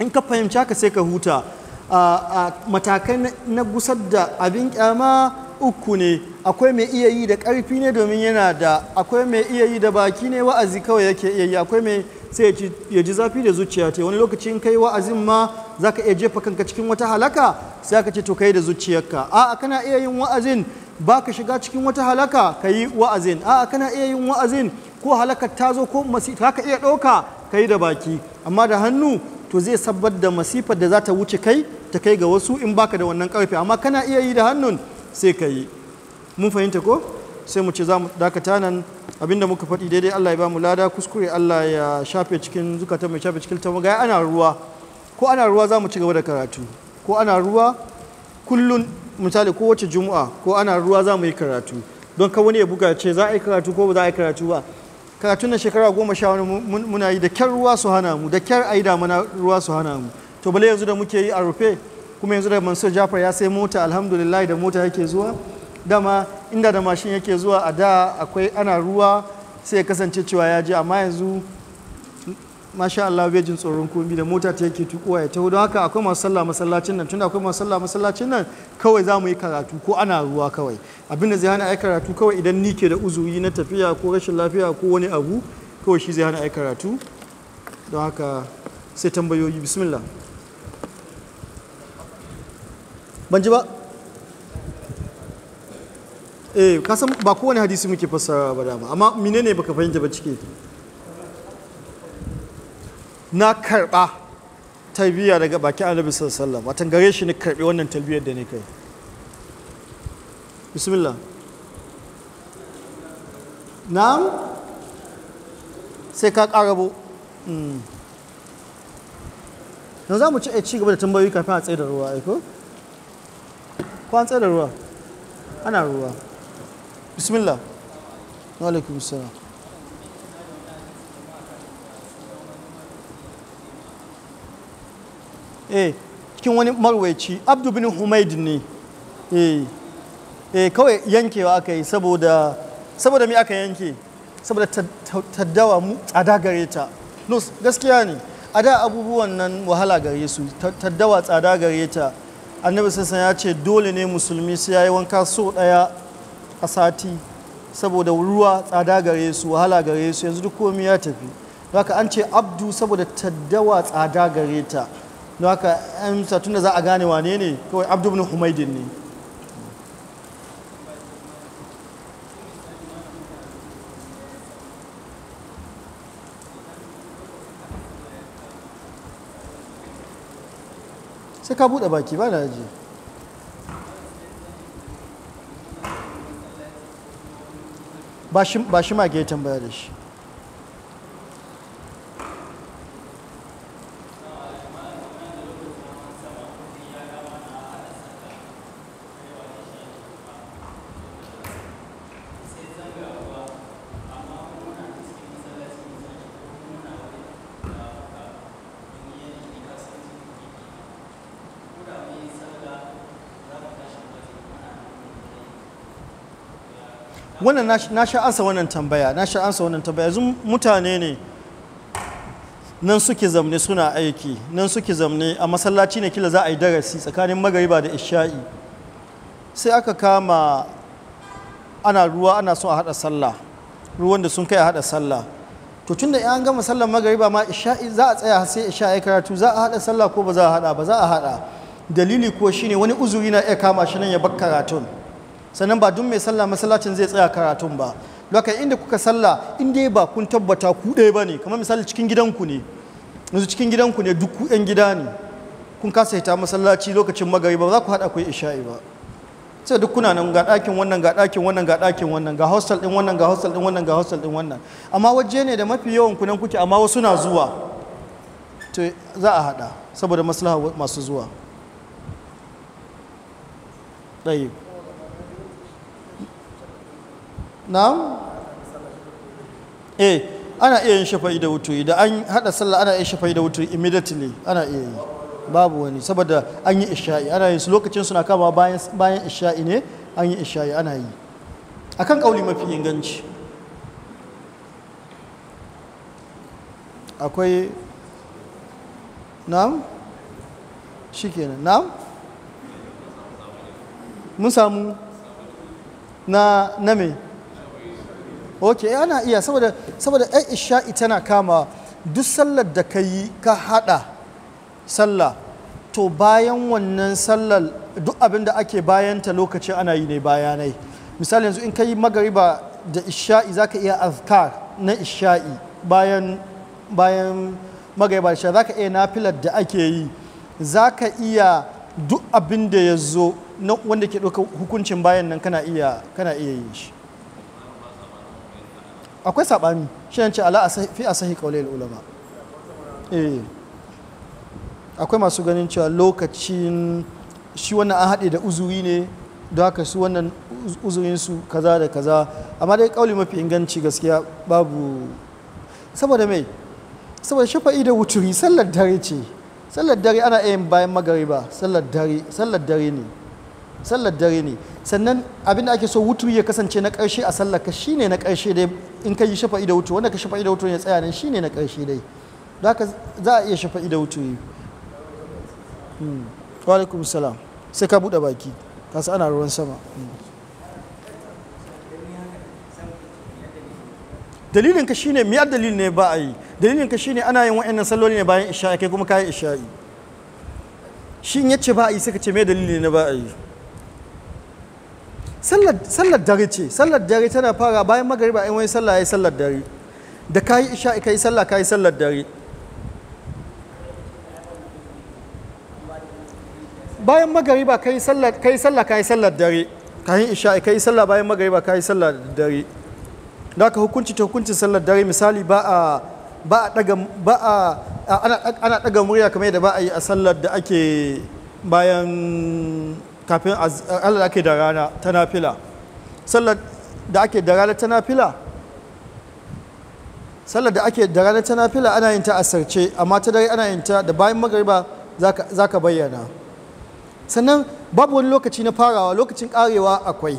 in ka fahimci haka sai ka huta a matakai na gusar da abin kyama uku ne akwai mai iya yi da ƙarfi ne domin yana da akwai mai iya yi da baki ne wa'azi kawai yake iya yi akwai mai sai ya ji zafi da zuciya ta wani lokacin kai wa'azin ma za ka iya jefa kanka cikin wata halaka sai ka ce to kai da zuciyarka a'a kana iya yin wa'azin ba ka shiga cikin wata halaka ka yi wa'azin a'a kana iya yin wa'azin ko halakar ta zo ko masifa ka iya ɗauka ka yi da baki amma da hannu to zai sabbar da masifar da za ta wuce kai ta kai ga wasu in baka da wannan karfi amma kana iya yi da hannun sai ka yi mun fahimta ko sai mu ce za mu dakata nan abinda muka faɗi daidai Allah ya ba mu lada kuskure Allah ya shafe cikin zukata mai shafe cikin tamu ga ana ruwa ko ana ruwa za mu ci gaba da karatu ko ana ruwa kullun misali ko wace juma'a ko ana ruwa za mu yi karatu don ka wani ya buga ce za a yi karatu ko ba za a yi karatu ba karatun na shekara goma sha wani muna yi da kyar ruwa su hana mu da kyar a yi damana ruwa su hana mu to bale yanzu da muke yi a rufe kuma yanzu daga mansur jafar ya sai mota alhamdulillah da mota yake zuwa dama inda da mashin yake zuwa a da akwai ana ruwa sai ya kasance cewa ya je amma yanzu masha Allah bai jin tsoron komi da mota ta yake tukowa ya taho don haka akwai masu sallah masallacin nan tunda akwai masu sallah masallacin nan kawai za mu yi karatu ko ana ruwa kawai abin da zai hana ai karatu kawai idan ni ke da uzuri na tafiya ko rashin lafiya ko wani abu kawai shi zai hana ai karatu don haka sai tambayoyi bismillah ban ji ba eh kasan ba kowane hadisi muke fassara ba dama amma menene baka fahimta ba cike na karba talbiya daga bakin annabi sallallahu alaihi wasallam gare shi ne karbe wannan talbiyar da ne kai bismillah na'am sai ka karabo hmm. yanzu za mu eh, ci gaba da tambayoyi kafin a tsaye da ruwa aiko kwan da ruwa ana ruwa bismillah wa alaikum salam eh cikin wani marwaici abdu bin humaid ne eh eh kawai yankewa aka yi saboda saboda me aka yanke saboda taddawa mu tsada gare ta gaskiya ne a da abubuwan nan wahala gare su taddawa tsada gare ta annabi sassan ya ce dole ne musulmi su yayi wanka so ɗaya a sati saboda ruwa tsada gare su wahala gare su yanzu duk komi ya tafi haka an ce abdu saboda taddawa tsada gare ta haka tun da za a gane wane ne kawai abdu ibn humaydin ne sai ka buɗe baki ba na ajiye ba shi ma ge tambaya da shi wannan na sha ansa wannan tambaya na sha ansa wannan tambaya yanzu mutane ne nan suke zamne suna aiki nan suke zamne a masallaci ne kila za a yi darasi tsakanin magariba da isha'i sai aka kama ana ruwa ana son a hada sallah ruwan da sun kai a hada sallah to tunda an gama sallar magariba ma isha'i za a tsaya sai isha'i karatu za a hada sallah ko ba za a hada ba za a hada dalili ko shine wani uzuri na iya kama shi nan ya bar karatun sannan ba duk mai sallah masallacin zai tsaya karatun ba lokacin inda kuka sallah in dai ba kun tabbata ku ɗaya ba ne kamar misali cikin gidanku ne yanzu cikin gidanku ne duk ku ɗan gida ne kun kasa hita masallaci lokacin magari ba za ku haɗa ku yi isha'i ba sai duk kuna nan ga ɗakin wannan ga ɗakin wannan ga ɗakin wannan ga hostel ɗin wannan ga hostel ɗin wannan ga hostel ɗin wannan amma waje ne da mafi yawan ku kuke amma wasu na zuwa to za a haɗa saboda maslaha masu zuwa ɗaya na'am eh ana iya yin shafa'i da wuturi da an hada sallah ana iya shafa'i da wuturi immediately ana iya yi babu wani saboda an yi isha'i ana yin su lokacin suna kama bayan bayan isha'i ne an yi isha'i ana yi akan kauli mafi inganci akwai na'am shikenan na'am mun samu na na me ok eh, ana iya saboda saboda ai isha'i tana kama duk sallar da ka yi ka hada sallah to bayan wannan sallar duk abin da ake bayanta lokacin ana yi ne bayanai misali yanzu in ka yi magariba da isha'i za ka iya azkar na isha'i bayan bayan magariba da za ka iya nafilar da ake yi za ka iya duk abin da ya zo wanda ke ɗauka hukuncin bayan nan kana iya yi shi akwai saɓani shi ne fi a sahi ƙaunar ulama eh. akwai masu ganin cewa lokacin shi wannan an haɗe da uzuri ne don haka su wannan uzurinsu kaza da kaza amma dai ƙauli mafi inganci gaskiya babu saboda mai saboda shafa'i da wuturi sallar dare ce sallar dare ana yin bayan magariba sallar sallar dare ne sallar dare ne sannan abin da ake so wutu ya kasance na karshe a sallar ka shine na karshe dai in ka yi shafa'i da wuturi wanda ka shafa'i da wutu ya tsaya ne shine na karshe dai za a iya shafa'i da wutu yi hmm. alaikum salam sai ka bude baki kasa ana ruwan sama hmm. dalilin ka shine miyar dalilin ne ba a yi dalilin ka shine ana yin wa'annan salloli ne bayan isha'i kai kuma kayan isha'i shin yace ba a yi sai ka ce me dalili ne ba a yi sallar dare ce sallar dare tana fara bayan magariba in wani sallah yi sallar dare da kayi isha yi sallah kayi sallar dare bayan magariba kai sallar kai sallah kai sallar dare yi isha yi sallah bayan magariba yi sallar dare da ka hukunci ta hukuncin sallar dare misali ba a ba a daga ba a ana daga murya kamar yadda ba a yi a sallar da ake bayan kafin Allah da ake da rana ta nafila sallar da ake da rana ta nafila sallar da ake da rana ta nafila ana yin ta asarce amma ta dare ana yin ta da bayan magariba za ka bayyana sannan babu wani lokaci na farawa lokacin karewa akwai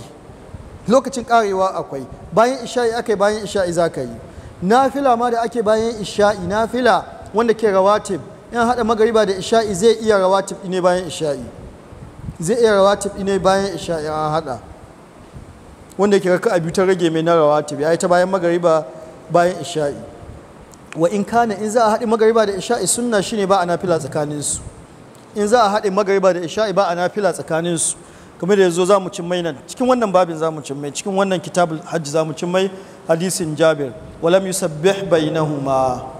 lokacin karewa akwai bayan isha'i aka bayan isha'i za ka yi nafila ma da ake bayan isha'i nafila wanda ke rawatib in haɗa magariba da isha'i zai iya rawatib ne bayan isha'i zai iya rawatib ne bayan isha'i an hada wanda yake raka abu ta rage mai na rawatib ya yi ta bayan magariba bayan isha'i wa in kana in za a haɗe magariba da isha'i sunna shine ba a nafila tsakaninsu in za a haɗe magariba da isha'i ba a nafila tsakaninsu kamar da yazo za mu cin mai nan cikin wannan babin za mu cin mai cikin wannan kitabul hajji za mu cin mai hadisin jabir walam yusabbih bainahuma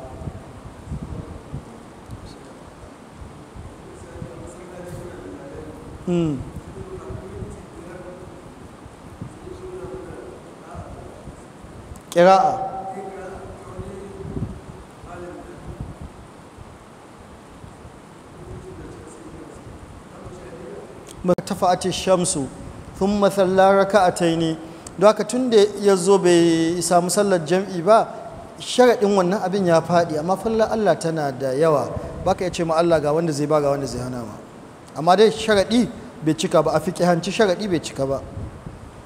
ƙira'a matafa'ati shamsu sun matsalar a taini, da haka tun da ya zo bai samu sallar jam'i ba sharaɗin wannan abin ya faɗi amma fallar allah tana da yawa baka ya ce ma allah ga wanda zai ba ga wanda zai hana ma amma dai sharaɗi bai cika ba a hanci sharaɗi bai cika ba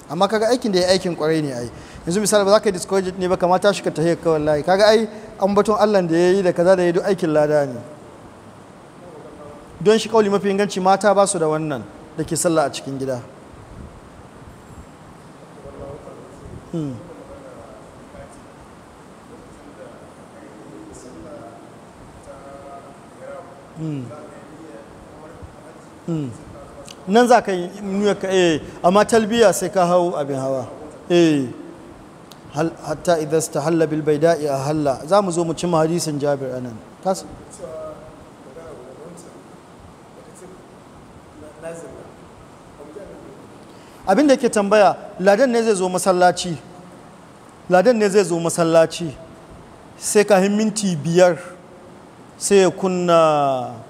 amma kaga aikin da ya aikin kwarai ne ai yanzu misali ba za ka yi discouraged ne ba kamata shi ka tahiya kawai layi kaga ai an baton Allah da ya yi da kaza da ya yi aikin lada ne don shi kauli mafi inganci mata ba su da wannan da ke sallah a cikin gida Hmm. hmm. Hmm. nan za ka yi ka eh amma talbiya sai ka hau abin hawa eh, hatta idan ta halla bil da'i a halla za mu zo mu cimma hadisin jabir a nan abin da ke tambaya ladan ne zai zo masallaci ladan ne zai zo masallaci sai kahin minti biyar sai ya kunna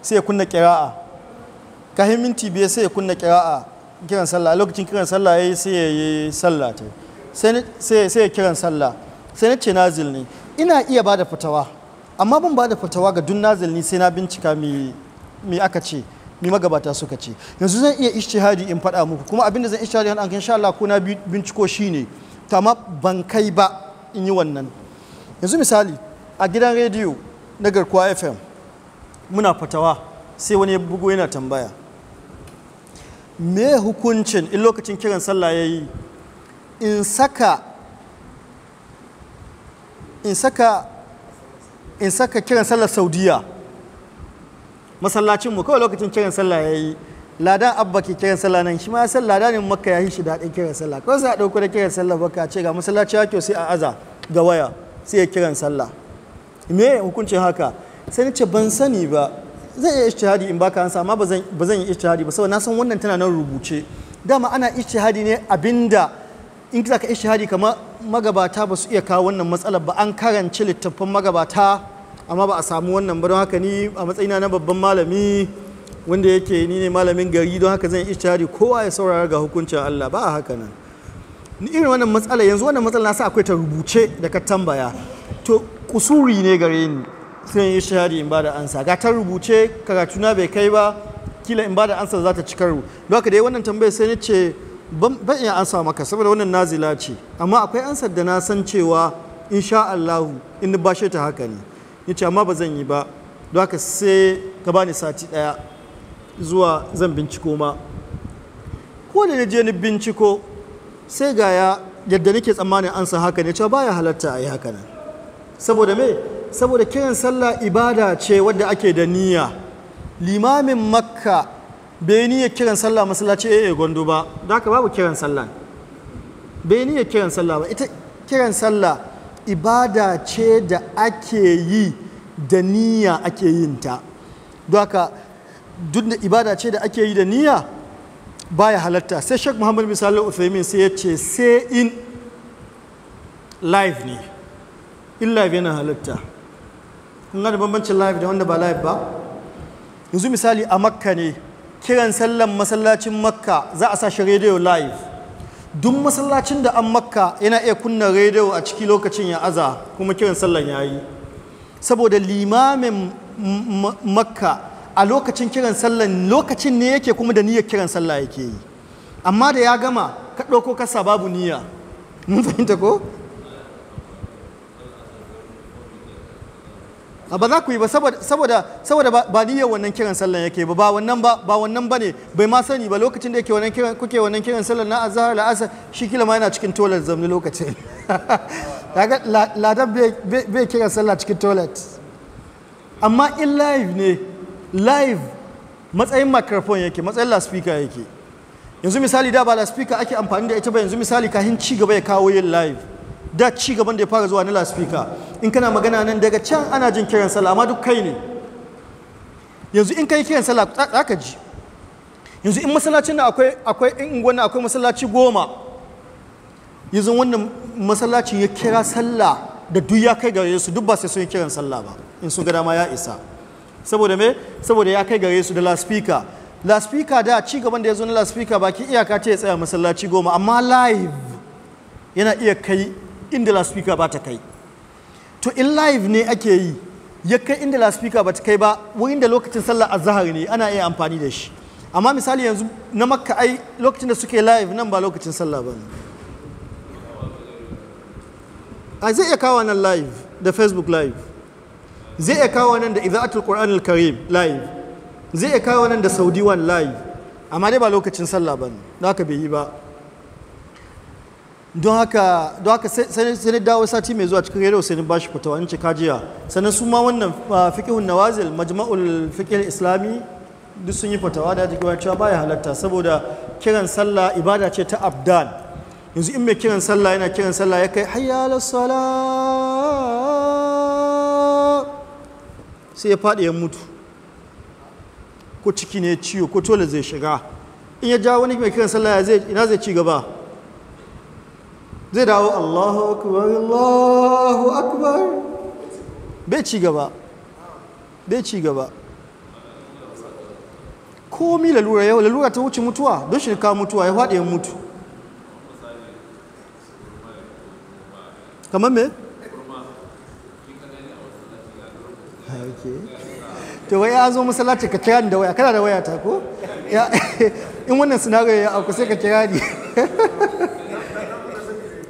sai ya kunna kira'a kahin minti biyar sai ya kunna kira'a kiran sallah lokacin kiran sallah ya yi sai ya yi sallah ta sai ya kiran sallah sai na ce nazil ne ina iya ba da fitawa amma ban ba da fitawa ga dun nazil ne sai na bincika me aka ce mi magabata suka ce yanzu zan iya ishtihadi in faɗa muku kuma abin da zan ishtihadi an insha Allah ko na binciko shine to ban kai ba in yi wannan yanzu misali a gidan rediyo na garkuwa FM muna fatawa sai wani ya bugu yana tambaya me hukuncin in lokacin kiran sallah ya yi in saka kiran sallah saudiya masallacinmu kawai lokacin kiran sallah ya yi ladan abba ke kiran sallah nan shi ma san ladan ne makka ya yi shi daɗin kiran sallah kawai sai a ɗauko da kiran sallah baka ce ga masallaci ya kyau sai a aza ga waya sai ya kiran sallah me hukuncin haka sai na ce ban sani ba zan iya ishtihadi in baka ansa amma ba zan yi ishtihadi ba saboda na san wannan tana nan rubuce dama ana ishtihadi ne abinda in za ka ishtihadi kamar magabata ba su iya kawo wannan matsalar ba an karanci littattafan magabata amma ba a samu wannan ba don haka ni a matsayina na babban malami wanda yake ni ne malamin gari don haka zan ishtihadi kowa ya saurara ga hukuncin Allah ba a haka nan ni irin wannan matsala yanzu wannan matsala na sa akwai ta rubuce da ka tambaya to kusuri ne gare ni sun yi ishihadi in da ansa ga ta rubuce karatuna bai kai ba kila in ba da ansa za ta ci karo don haka dai wannan tambayar sai ni ce ban iya ansa maka saboda wannan nazila ce amma akwai ansar da na san cewa insha Allahu in shi ta haka ne ni ce amma ba zan yi ba don haka sai ka bani sati daya zuwa zan binciko ma ko da je ni binciko sai ga ya yadda nake tsammanin ansa haka ne cewa baya halatta a yi haka nan saboda me saboda kiran sallah ibada ce wadda ake da niyya limamin makka bai niyya kiran sallah masallaci eh gondo ba da haka babu kiran sallah bai niyya kiran sallah ba ita kiran sallah ibada ce da ake yi da niyya ake yin ta don haka duk da ibada ce da ake yi da niyya baya halatta sai shek Muhammad misali Salih sai ya ce sai in live ne in live yana halatta kuna da bambancin live da wanda ba live ba yanzu misali a makka ne kiran sallan masallacin makka za a sa shi rediyo live duk masallacin da an makka yana iya kunna rediyo a ciki lokacin ya aza kuma kiran sallan ya yi saboda limamin makka a lokacin kiran sallan lokacin ne yake kuma da niyyar kiran sallah yake yi amma da ya gama ka ɗauko kasa babu niyya mun fahimta ko ba za ku yi ba saboda saboda ba niyyar wannan kiran sallan yake ba ba wannan ba ba wannan bane bai ma sani ba lokacin da yake wannan kiran kuke wannan kiran sallan na azhar la asar shi kila ma yana cikin toilet zamni lokacin (laughs) kaga ladan bai kiran sallah cikin toilet amma in live ne live matsayin microphone yake matsayin speaker yake yanzu misali da ba speaker ake amfani da ita ba yanzu misali kahin ci gaba ya kawo yin live da ci gaban da ya fara zuwa na laspika in kana magana nan daga can ana jin kiran sallah amma duk kai ne yanzu in kai kiran sallah za ka ji yanzu in masallacin na akwai akwai in wani akwai masallaci goma yanzu wannan masallaci ya kira sallah da duk ya kai gare su duk ba sai sun yi kiran sallah ba in sun ga dama ya isa saboda me saboda ya kai gare su da laspika laspika da ci gaban da ya zo na laspika baki iyaka ce ya tsaya masallaci goma amma live yana iya kai inda laspika ba ta kai to in live ne ake yi ya kai inda laspika ba ta kai ba wurin da lokacin sallar azahar ne ana iya amfani da shi amma misali yanzu na makka ai lokacin da suke live nan ba lokacin sallah ba ne a zai iya kawo nan live da facebook live zai iya kawo nan da idza'atul qur'an al-karim live zai iya kawo nan da saudi one live amma dai ba lokacin sallah ba ne da aka bai yi ba don haka don haka sai na dawo sati mai zuwa cikin rediyo sai ba bashi fatawa in ce kajiya sannan su ma wannan ah, fiqhun nawazil majma'ul fiqhil islami duk sun yi fatawa da take cewa baya halatta saboda kiran sallah ibada ce ta abdan yanzu in mai kiran sallah yana kiran sallah ya kai hayya sai ya faɗi ya mutu ko ciki ne ciwo ko tole zai shiga in ya ja wani mai kiran sallah ina zai ci gaba zai dawo Allahu akbar Allahu akbar bai ci gaba bai ci gaba komi lalura yau lalura ta wuce mutuwa don shi ka mutuwa ya faɗi ya mutu kamar me? to wai ya zo masallaci ka kira da waya kana da waya ta ko (laughs) in wannan sinariyo ya auku sai ka kira ni (laughs)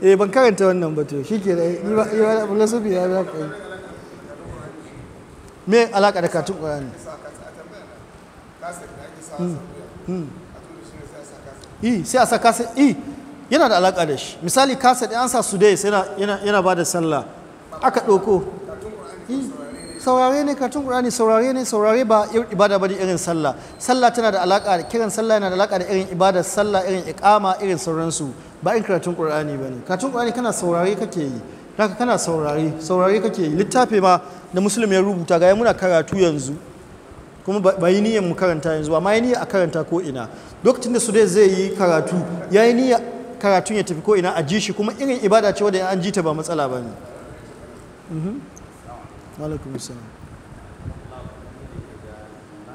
eh ban karanta wannan ba to shike da yi ba yi ba ya ba kai me alaka da katun qur'ani i hmm, hmm. sai a sa kasa eh, i eh, yana da alaka da shi misali kasa da an sa su dai yana yana ba da sallah aka ɗauko hmm, saurare ne katun ƙur'ani saurare ne saurare ba ibada ba irin sallah sallah tana da alaka da kiran sallah yana da alaƙa da irin ibada sallah irin iqama irin sauransu ba in karatun qur'ani ne karatun qur'ani kana saurare kake yi haka kana saurare saurare kake yi littafi ma da musulmi ya rubuta ga muna karatu yanzu kuma ba yi niyyar mu karanta yanzu amma yi niyyar a karanta ko ina lokacin da su dai zai yi karatu ya yi niyyar karatun ya tafi ko ina a ji shi kuma irin ibada ce wadda an ji ta ba matsala ba ne mhm.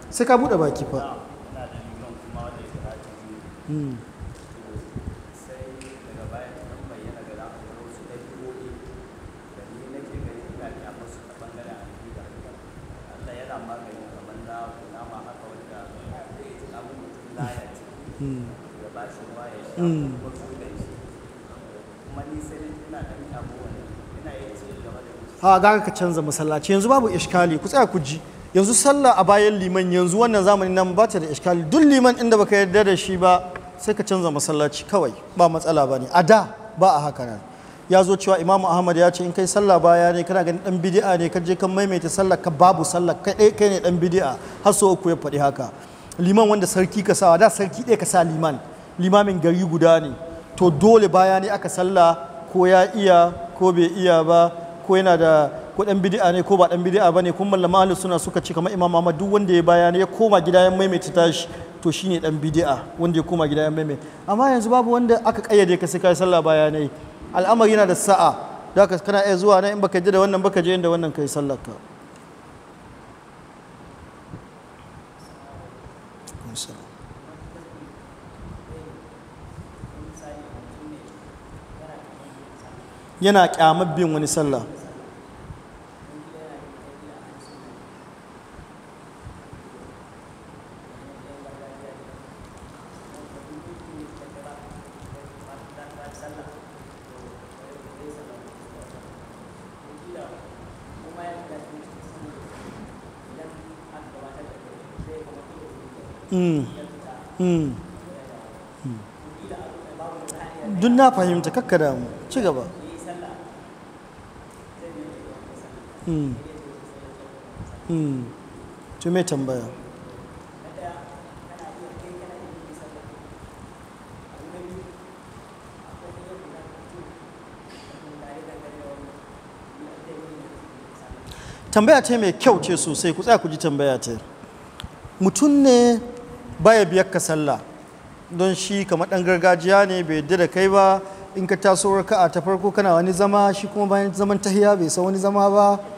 sai ka buɗe baki fa hmm. da da shi kuma ni sai ina abubuwan ina gaba da ha ga ka canza masallaci yanzu babu iskali ku tsaya ku ji yanzu sallah a bayan liman yanzu wannan zamani nan ba ta da iskali duk liman inda baka yarda da shi ba sai ka canza masallaci kawai ba matsala ba ne a da ba a haka nan ya zo cewa imamu ahmad ya ce in kai sallah baya ne kana ganin dan bidi'a ne ka je kan maimaita sallah ka babu sallah kai ne dan bidi'a har so uku ya faɗi haka liman wanda sarki ka sa da sarki ɗaya ka sa liman limamin gari guda ne to dole baya ne aka sallah ko ya iya ko bai iya ba ko yana da ko dan bid'a ne ko ba dan bid'a bane kun mallama ahlus sunna suka ce kamar imam Ahmad duk wanda ya baya ne ya koma gida ya maimaita tashi to shine dan bid'a wanda ya koma gida ya maimaita amma yanzu babu wanda aka kayyade ka sai kai sallah baya ne al'amari yana da sa'a da kana iya zuwa na in baka je da wannan baka je inda wannan kai sallar ka yana kyamar bin wani sallah hmm. Hmm. Hmm. duk na fahimta kakka damu ci gaba Hmm. Hmm. to tambaya tambaya ta mai kyau ce sosai ku tsaya ku ji tambaya ta mutum ne baya biyar ka sallah don shi kamar ɗan gargajiya ne bai yadda da kai ba in ka taso a ta farko kana wani zama shi kuma bayan zaman tahiya bai sa wani zama ba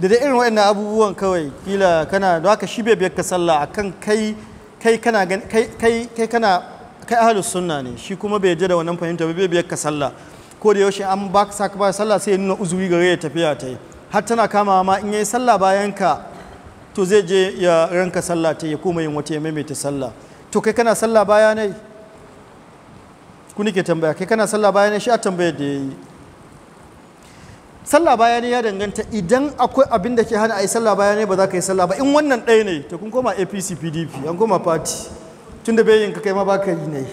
da dai irin waɗannan abubuwan kawai kila kana da haka shi bai biyar ka sallah akan kai kai kana kai kai kai kana kai ahlus sunna ne shi kuma bai yarda da wannan fahimta bai biyar ka sallah ko da yaushe an ba ka ba sallah sai ya nuna uzuri gare ya tafiya ta yi har tana kama ma in yayi sallah bayan ka to zai je ya ranka sallah ta ya koma yin wata ya maimaita sallah to kai kana sallah baya ne ku nike tambaya kai kana sallah baya ne shi a tambayar da ya yi sallah bayani ya danganta idan akwai abin da ke hana a yi sallah bayani ba za ka yi sallah ba in wannan ɗaya ne to kun koma apc pdp an koma party tun da bayan ka kai ma baka yi ne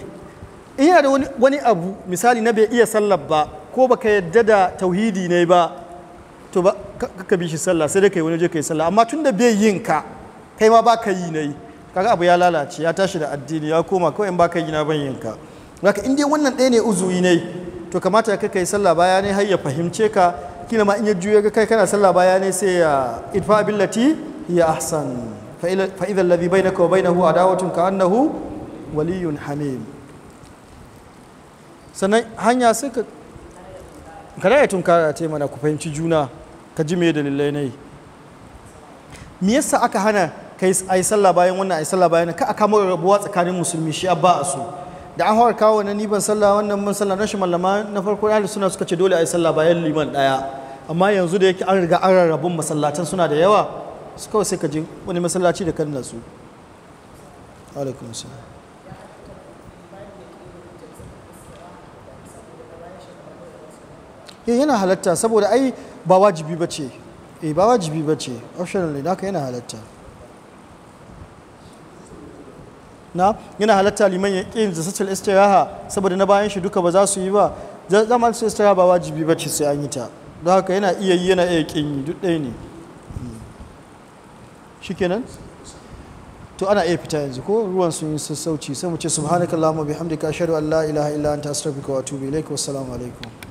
in yana da wani abu misali na bai iya sallah ba ko ba ka yadda da tauhidi ne ba to ba ka bi shi sallah sai dai kai wani je kai sallah amma tun da bai yin ka kai ma baka yi ne kaga abu ya lalace ya tashi da addini ya koma kawai in baka yi na ban yin ka haka in dai wannan ɗaya ne uzuri ne to kamata ka kai sallah bayani har ya fahimce ka kila ma in ya juya ga kai kana sallah baya ne sai ya idfa billati ya ahsan fa idha alladhi bainaka wa bainahu adawatun ka annahu waliyun hamim sannan hanya suka kada ya tunkara ce mana ku fahimci juna ka ji me dalilai ne me yasa aka hana kai ai sallah bayan wannan ai sallah bayan ka aka mura rabuwa tsakanin musulmi shi abba a su? da an hawar kawo na niban sallah wannan mun sallah rashin mallama na farko ahli suna suka ce dole ai sallah bayan liman daya amma yanzu da yake an riga an rarrabun masallatan suna da yawa su kawai sai ka je wani masallaci da kan nasu alaikum salam eh, yana halatta saboda ai ba wajibi ba ce eh ba wajibi ba ce optional ne haka yana halatta na yana halatta liman ya ƙin da sassal istiraha saboda na bayan shi duka ba za su yi ba zama su istiraha ba wajibi ba ce sai an yi ta don haka yana iya yi yana iya kin yi duk ɗaya ne shi kenan to ana iya fita yanzu ko ruwan sun yi sassauci sai mu ce subhanakallahumma bihamdika ashhadu an la ilaha illa anta astaghfiruka wa atubu ilaik wassalamu alaikum